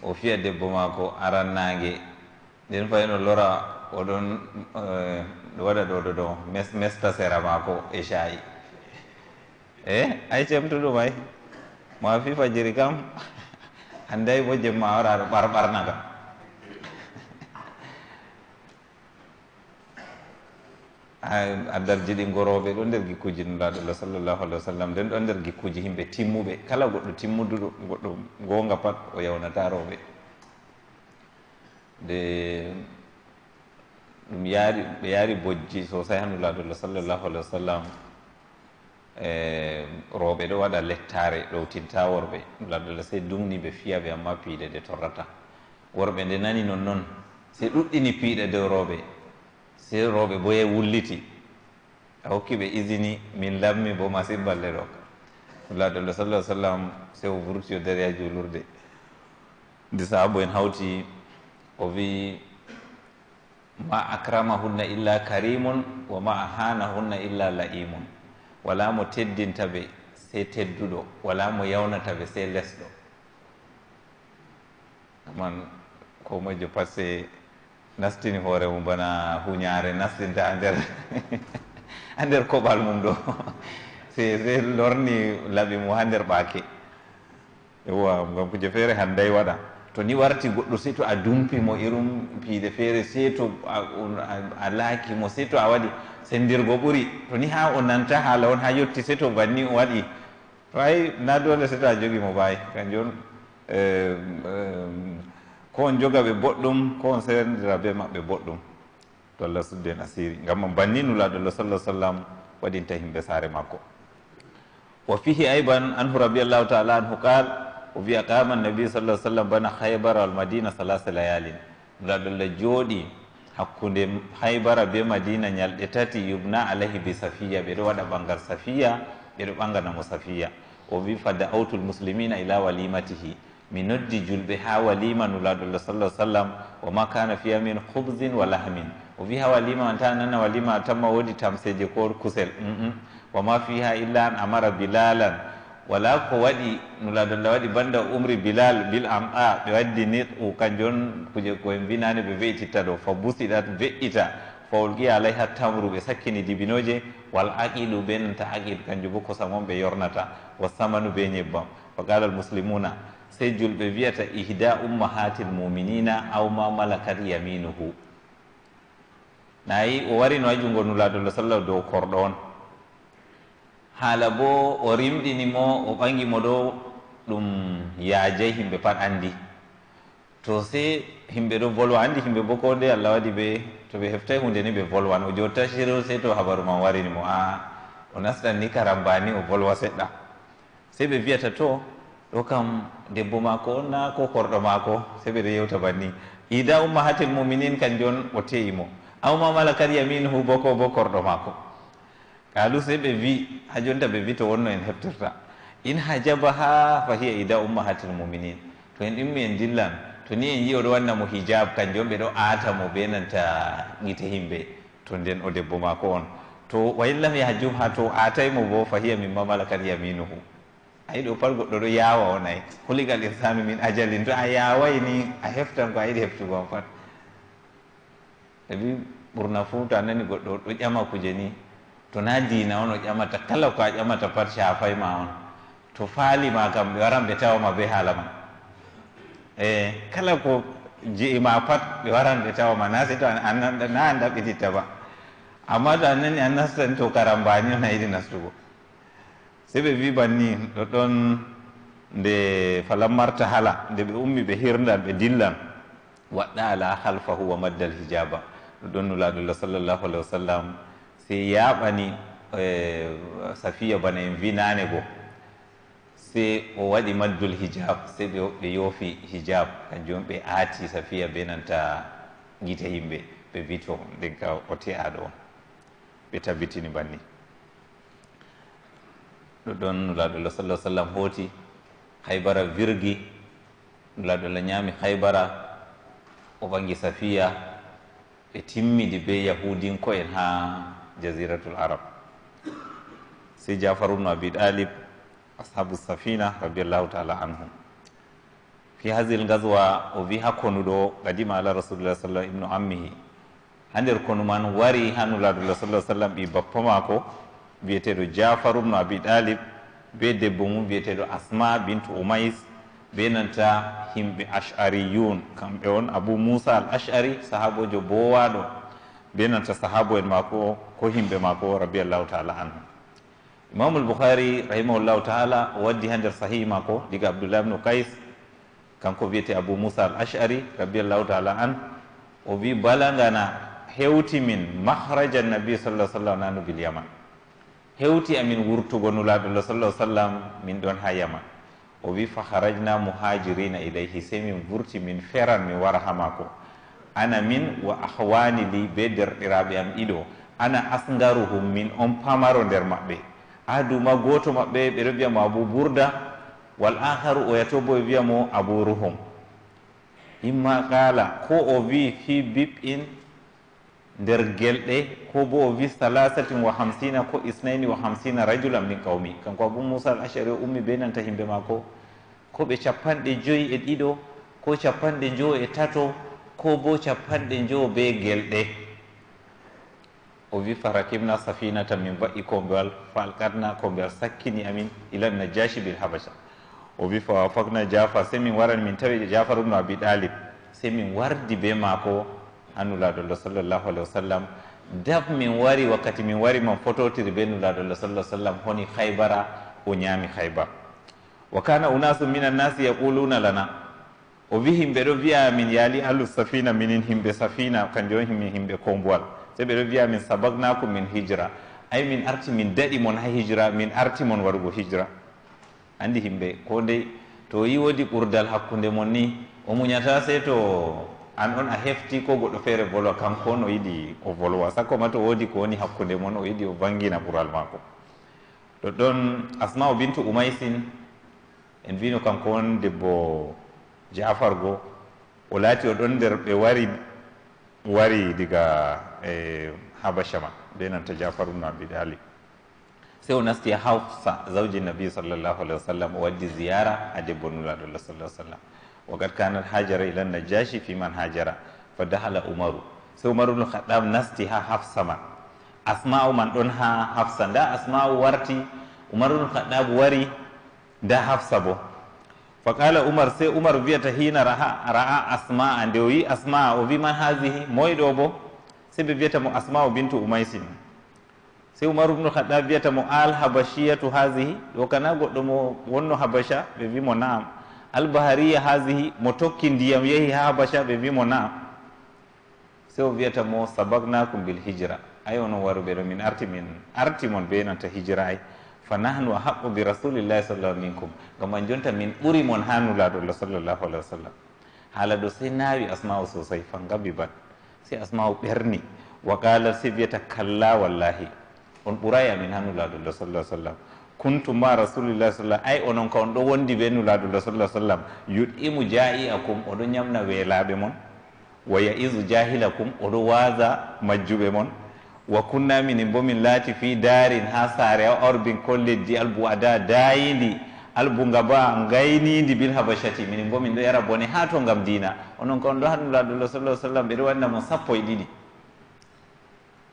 o fiya debbo mako aran nage nden fayino lora oɗon eh, waɗa ɗoɗo ɗo mesta sera mako e shayi e eh, ay ceemtuɗum ay ma fifa jiri kam anday bo jemma araɗo ɓar ɓarna kam addal ji ɗi ngorooɓe ɗo nder gikkuji nulaaɗo allah sallllahu alah wa sallam nden ɗo nder gikkuji yimɓe timmuɓe kala goɗɗo timmuduɗo goɗɗo goonga pat o yawnataarooɓe nde ɗum yaari ɓe yaari bojji sosai hanulaaɗo allah sallllahu alah wa sallam e rooɓe ɗo waɗa lettaare ɗowtintaa worɓe nulaaɗo allah sey dumni ɓe fiya ɓe amma piiɗe ɗe torrata worɓe nde nani non noon sey ɗuɗɗini piiɗe dow rooɓe sirroɓe boye wulliti a hokki ɓe isini min lammi bo masimballe ɗo wallahdolo salah sallam se o vurti o daria julurde nde sahabu en hawti o wi ma acramahunna illa karimun wa ma ahanahunna illa laimun wala mo teddinta ɓe se tedduɗo wala mo yawnata ɓe se lesɗo aman ko moejo passe nastini hoore mum bana huñaare nastinta a e nder a e nder koɓal mum ɗo se se lorni laɓi mum ha nder ɓaake yewwa gam kuje feere handay waɗa to ni warti goɗɗo sey to a dumpimo irum piide feere sey to a laaki mo sey to a waɗi senndirgo ɓuri to ni ha o nanta haala on ha yetti sey to banni o waɗi to ay na doole sey to a jogimo baawi kanjum eh, eh, ko on joga ɓe boɗɗum ko on serdira be maɓɓe boɗɗum to allah sudden asiri ngam bannin ulaɗo allah sallah sallam waɗinta himɓe saare makko o fihi ayban anhu rabiallahu taala anhu qal o wiya qama nabi sallah sallam bana haybara al madina salasa layalin ulaɗo allah jooɗi hakkunde haybara be madina ñalɗe tati yubna alayhi bi safiya ɓeɗo waɗa ɓangal safiya ɓeɗo ɓanganamo safiya o wi fa da'autu lmuslimina ila walimatihi mi noddi julɓe ha walima nulaɗullah sallah sallam wa ma kana fiya min hubsin wa lahmin o wi ha walima an ta nana walima tanma woodi tamseje ko kusel wa ma fiha illa an amara bilalan wala ko waɗi nulaɗullah waɗi banda umri bilal bil ama ɓe waddi nitu kanjo on kuje koye mbinani ɓe ve'ititta ɗo fa busiɗat ve'ita fawol giya alay ha tamru ɓe sakkini dibinoje wal aqilu ɓe nanta aqil kanjum bo kosam on ɓe yornata wa samanu ɓe ñebbam fa qala al muslimuna sai julɓe wiyata ihda ummahati muminina au ma malakat yaminuhu nayi o warino ha jungo lah sallah dow korɗo on haala bo o rimɗinimo o ɓangi mo ɗo ɗum yaajay himɓe pat anndi to se himɓe ɗo volwa anndi himɓe bo ko nde allah waɗi ɓe to ɓe heftay hunde ni ɓe volwan o jotta shiro se to habaru man warini mo a ah, o nastan ni karambani o volwa seɗɗa sey ɓe wiyata to ɗo kam debbo maako on na ko korɗo maako se ɓeɗo yewta banni ida umma hatel muminin kanjo on o teyi mo awma malakat yamin hu boko bo korɗo maako kalu se ɓe wi ha jonta ɓe wi to wonno en heftirta in hajaba ha fahiya ida umma hatel muminin to en ɗimmi en dillan to ni en yi oɗo wanna mo hijab kanjo on ɓeɗo aata mo be nanta ɓite himɓe to nden o debbo maako on to wayillam yaha jum ha to aatay mo bo fahiya min mamalakat yaminuhu ayi ɗo pat goɗɗo ɗo yaawa o nayi huligal irsami min ajalin to a yaawayi ni a heftan ko a yiɗi heftugo o pat sabi ɓurna fuu to a nani goɗɗo ɗo ƴama kuje ni to na diina on o ƴamata kala ko a ƴamata pat caafay ma on to faalima kam ɓe waran ɓe tawama be haala ma e kala ko jeyi ma pat ɓe waran ɓe tawama na si to na a ɗaɓɓititta ba amma to a nani a nastan to karambani on a yiɗi nastugo se ɓe wi banni ɗo ɗon nde falammarta hala nde ɓe ummi ɓe hirdan ɓe dillan waɗɗa ala halfa huwa maddal hijaba ɗo ɗon nulaɗullah sallllahu alah wa sallam se yaɓani e, safiya bana en wi nane go se o waɗi maddul hijab se ɓe yoofi hijab kanjum on ɓe aati safiya be nanta gite yimɓe ɓe wi to ndenka o te aɗo on ɓe tabbitini banni ɗuɗɗon nulaɗo allah sallah sallam hooti haybara virgi nulaɗo allah ñaami haybara o ɓangi safiya ɓe timmidi be yahudinko en ha jaziratul arab sey jafar ubnu abi alib ashabu safina radiallahu taala anhum fi hasil gaswa o wi ha konuɗo kadima ala rasulillah sallam ibnu ammihi ha nder konu man wari ha nulaɗo allah sallah sallam ɓi bappo maako wiyeteɗo jafarum no abi ɗalib be debbo mum wiyeteɗo asma bintu umays be nanta himɓe ashariyun kamɓe on abou moussa al ashari sahabojo bowaɗo be nanta sahabo en mako o ko himɓe mako o rabi allahu taala anhu imamu lboukhari rahimahullahu taala o waddi ha nder sahihi mako diga abdoullah ibnu kays kanko wiyete abou moussa al ashari rabi allahu taala an o wi balagana hewti min mahraja annabi sallah sallam nanu bil yaman hewti amin wurtugo nulaɗo lo sallah sallam min ɗon ha yama o wi fa harajna muhajirina ilayhi sey min vurti min feran mi wara ha mako ana min wa ahwani li be derɗiraɓe am ɗiɗo ana asgaruhum min on pamaro nder maɓɓe aduma goto maɓɓe ɓeɗo wiyamo abou bourda wal ahar oyato bo e wiyamo abou ruhum imma qala ko o wi fi bib in nder gelɗe ko bo o wi salasatin wa hamsina ko isnaini wa hamsina rajulam min qawmi kanko abou moussa al achari o ummi be nanta himɓe maako ko ɓe capanɗe joyi e ɗiɗo ko capanɗe joo e tato ko bo capanɗe joo be gelɗe o wi farakimna safinata min mba'i kombewal fa alkarna kombewal sakkini amin ilan najashi bil habaca o wi fa wafakna jafar se min warani min tawi jafar umno abi ɗalib se min wardi be maako annulaaɗolo sallllahu alahi wa sallam dab min wari wakkati min wari man fototiri be nulaaɗolo sall sallam honi haybara o ñaami hayba wa kana unasu min annasi yaquluna lana o wi himɓe ɗo wiya min yaali alu safina minin himɓe safina kanjum oni min himɓe kombowal se ɓe ɗo wiya min sabagnaku min hijra ay min arti min daɗi mon ha hijra min arti mon waɗugo hijra andi himɓe ko ndey to yi woodi ɓurdal hakkunde mon ni o muñata se to an on a hefti ko goɗɗo feere volwa kanko on o yiɗi o volwa sakko ma to woodi ko woni hakkunde mon o yiɗi o bangina ɓural maako ɗoɗɗon asma'u bintu umaysin en mbino kanko on debbo jafargo o laati o ɗon nder ɓe wari wari diga e habacha ma be nanta jafar umno abi dali o nasti hausa zawji nabi sallllahu alih wa sallam o waddi ziyara ha debbo nulaɗolla sallah sallam wakad kanat hajara ila najashi fiman hajara fa dahala umaru so umaru bnu khaddab nasti ha hafsa ma asma u man ɗon ha hafsa nda asma u warti umaru bnu khaddab wari nda hafsa bo fa qala umar se umar wiyata hina raa raa asma a nde o yi asma o wi man hasihi moyɗo bo se ɓe wiyata mo asma u bintu umaysin se umaru bnu khaddab wiyata mo al habashiyatu hasihi ɗo kana goɗɗo mo wonno habacha ɓe wi mo naam albahariya hasihi mo tokki ndiyam yehi ha bacha ɓe mbimo na se o wiyata mo sabaknakum bil hijra ay onon waruɓe ɗo min arti min arti mon benanta hijra ay fa nahnu ahaqu bi rasulillahi sallah minkum gam an jonta min ɓuri mon hanulaɗolla sallllahu alah wa sallam haala ɗo se nawi asmau sosai fa gabi bat se asmau ɓerni wa qala se wiyata kalla wallahi on ɓuray amin hanulaɗolla sallah sallam kuntuma rasulillah sallam ay onon ka on ɗo wondi ɓe nulaɗo rasulillah sallam yuɗimu jaa'i a kum oɗo ñamna weelaɓe moon wa yaisu jahila kum oɗo waasa majjuɓe moon wa kunnamini bomin laati fi daarin ha saare a orbin ko leddi albu ada daayidi albu ngaba gaynidi bil habachati minin bomin ɗo yara bone ha to gam dina onon ka on ɗo hanulaɗo rasulillah sallam ɓeɗo wanna mo sappo e ɗiɗi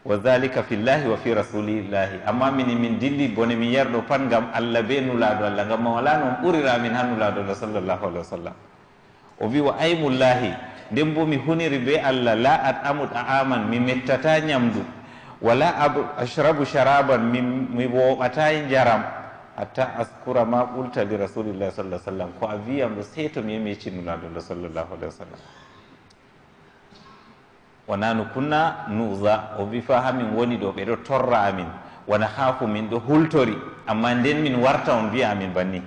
wa dhalika fillahi wa fi rasulillahi amma mini min dilli bone min yarɗo pat gam allah be nulaɗo allah gam ma wala noon ɓuriramin ha nulaɗo allah sallllahu alih wa sallam o wi wa aymullahi nden bo mi huniri be allah la an amud a aman mi mettata ñamdu wala ashrabu charaban mi woɓata jaram hatta askura ma ɓulta li rasulillahi sallah sallam ko a wiyam ɗo seeto mi yemi yecci nulaɗo allah sallllahu alih wa sallam wonano kunna nuza o wi fa hamin woni ɗo ɓeɗo torra amin wona haafu min ɗo hultori amma nden min warta on mbiya amin banni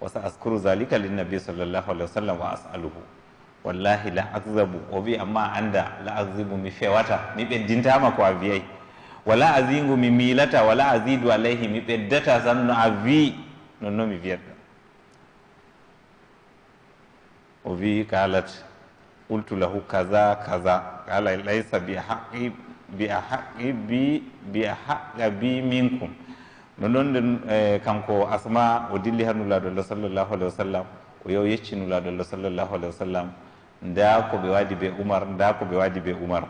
wa sa askuru zalika linnabi sall llahu alah wa sallam wa asaluhu wallahi la agzabu o wi amma annda la agzibu mi fewata mi ɓeddintama ko a wiyay wala azingu mi miilata wala azidu alayhi mi ɓeddata tan no a wii nonnon mi wiyatɗo o wi kalat qultu lahu kaza kaza qala laysa bihaqi bi ahaqi bi bi ahaqa bi minkum noɗon de e, kanko asma o dilli ha nulaɗo allah sallllahu alah wa sallam o yaw yecci nulaɗo allah sallllahu alah wa sallam nda ko ɓe waadi be umar nda ko ɓe waadi be umar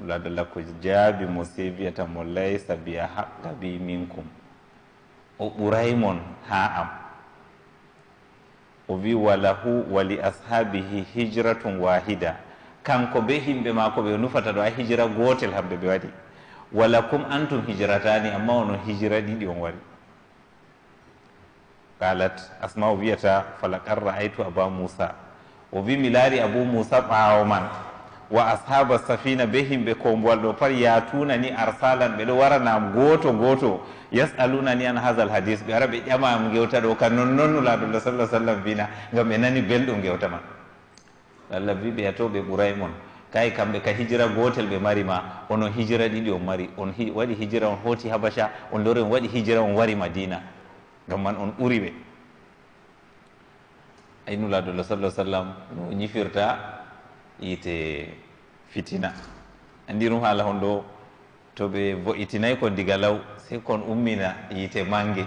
nulaɗo allah ko jaabi mo se wiyatamo laysa bi ahaqa bi minkum o ɓuraymon ha am o wi walahu wali ashabihi hijratun wahida kanko be himɓe mako ɓe nufata ɗo a hijira gotel hamɓe ɓe waɗi wala kum antum hijratani amma ono hijira ɗiɗi on waɗi qalat asma o wiyata falakad raaytu aba moussa o wi mi laari abu moussa ɓaawo man wa ashaba safina be himɓe kombowal ɗo pat yatunani arsalan ɓeɗo waranam goto goto ni an hasal hadis ɓe ara ɓe kan gewta ɗo la do sallallahu alaihi sallam bina ngam ɓe nani belɗum gewta ma allah bi be to ɓe mon kay kamɓe ka hijira gotel ɓe mari ma ono hijira ɗiɗi on mari on wadi hijira on hoti habasha on lori on waɗi hijira on wari madina ngam man on ɓuri ɓe ay sallallahu alaihi sallam no nyifirta ite fitina andirum hala hondo hon ɗo to ɓe ko diga si kon ummina yite mangue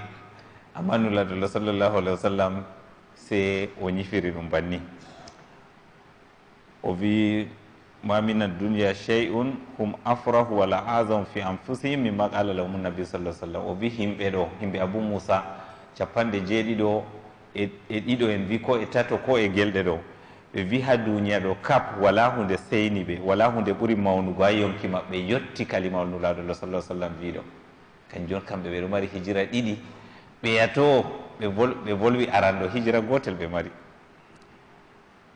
amanuladullah sallllahu alahi wa sallam se o ñifiri ɗum banni o wi ma min adduniya chey un hum afrahu wala azam fi anfusihim min maqala lahumu nabi sallah sallam o wi himɓe ɗo himɓe abou moussa capanɗe jeeɗiɗo e, e ɗiɗo en wi ko e tato ko e gelɗe ɗo ɓe wi ha duniya ɗo kap wala hunde seyni ɓe wala hunde ɓuuri mawnugo ha yonki maɓɓe yetti kalimaolnulaɗo lah sallah sallam wiɗo kanju on kamɓe ɓeɗo mari hijira ɗiɗi ɓeyato ɓe bolwi aranɗo hijira gotel ɓe mari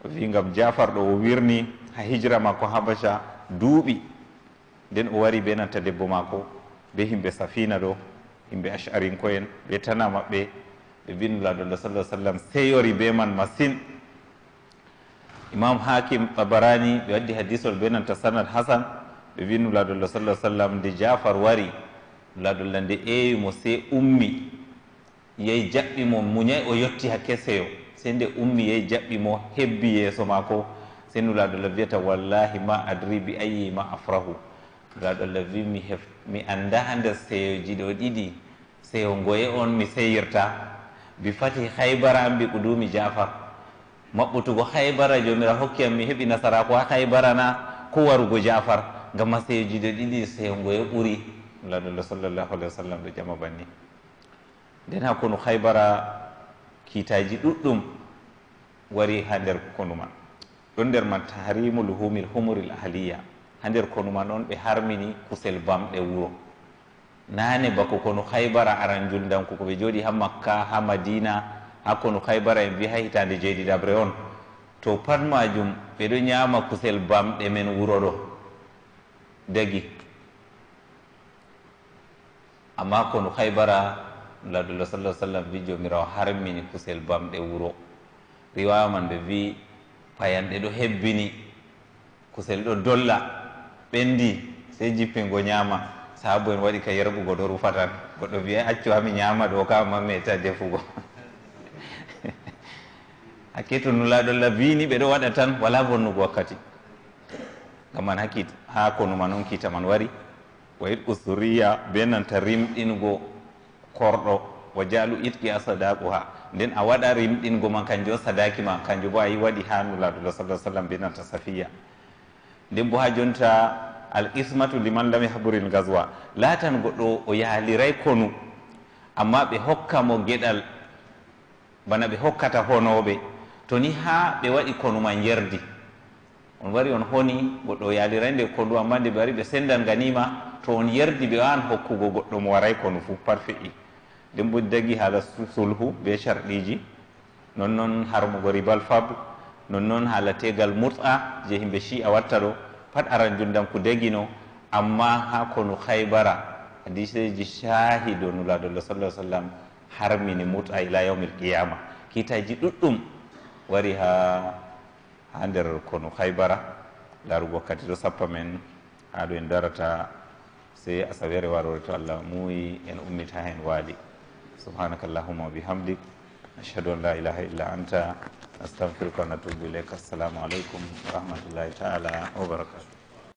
o wi gam jafar ɗo o wirni ha hijira makko habacha duuɓi nden o wari be nanta debbo makko be himɓe safina ɗo himɓe acharin ko en ɓe tana maɓɓe ɓe binu laɗolla salah sallam seyori be man masine imam hakim babarani ɓe waddi hadisol be nanta sanad hasan ɓe binu laɗolla salah sallam nde jafar wari laadulla nde eewi mo se ummi yehi jaɓɓi mo muñay o yetti ha keseyo se nde ummi yehi jaɓɓi mo hebbi yeeso ma ko seni laadulla wiyata wallahi ma adri bi ayi ma afrahu laadulla wi mi hef mi annda nder seyoji ɗo ɗiɗi seyo ngoye on mi seyirta mbi fati haybara mbi ɓudumi jafar maɓɓutugo haybara jomira hokki yam mi heɓi nasara ko ha haybara na ko warugo jafar ngam ma seyoji ɗo ɗiɗi seyo ngoye ɓuri lanulla sallllahu alih wa sallam ɗo jama banni nden hakkunu haybara kiitaji ɗuɗɗum wari ha nder konuma ɗon nder man tahrimu lhumil humuril ahaliya ha nder konuma noon ɓe harmini kusel bamɗe wuro naane bako kono haybara aran juldanko ko ɓe jooɗi ha makka ha madina ha kono haybara en mbi ha hitande jeyɗiɗabre on to pat majum ɓeɗo ñaama kusel bamɗe men wuro ɗo dagi amma kono haybara laadullah sallah sallam wi jomirawo harmini kusel bamɗe wuro man be wi payanɗe ɗo hebbini kusel ɗo dolla ɓendi sey jippingo nyama sabu en waɗi ka yerɓugo ɗo rufata tan goɗɗo wiya accu ami nyama do ka ma meta defugo do la labini ɓe ɗo waɗa tan wala bonnugo wakkati gam man hakkit ha konuman on kiita man wari wa itqu suriya be nanta rimɗingo korɗo wa jalu itqi a sadaku ha nden a waɗa rimɗingo ma kanjo sadaki ma kanjo bo a yi waɗi ha nulaɗulah sa sallam be nanta safiya nden bo ha jonta al qismatu liman lam yahburil gaswa latan goɗɗo o yaaliray konu amma ɓe hokka mo geɗal bana ɓe hokkata honoɓe to ni ha ɓe waɗi konu ma yerdi on wari on honi goɗɗo yaaliray nde konu amma nde ɓe wari ɓe sendan ganima to on yerdi ɓe wawan hokkugo goɗɗo mo waray kono fo par fei nden boɗi dagi haala sulhu be charɗiji nonnoon harmugo ribal fabre nonnoon haala tegal mourta je yimɓe chi'a watta ɗo pat aran jundam ko dagino amma ha kono haybara hadiseji sahido nulaɗolla sal lah sallam harmini mourta ila yawmil qiyama kiitaji ɗuɗɗum wari ha ha nder kono haybara laarugo wakkati ɗo sappa men haɗo en darata se asawere warore to allah muuyi en ummita heen waali subhanaka allahuma wabihamdik ashhadu an la ilaha illa anta astahfiruka wa natubu ilayka assalamu aleykum wa rahmatullahi taala wa barakatu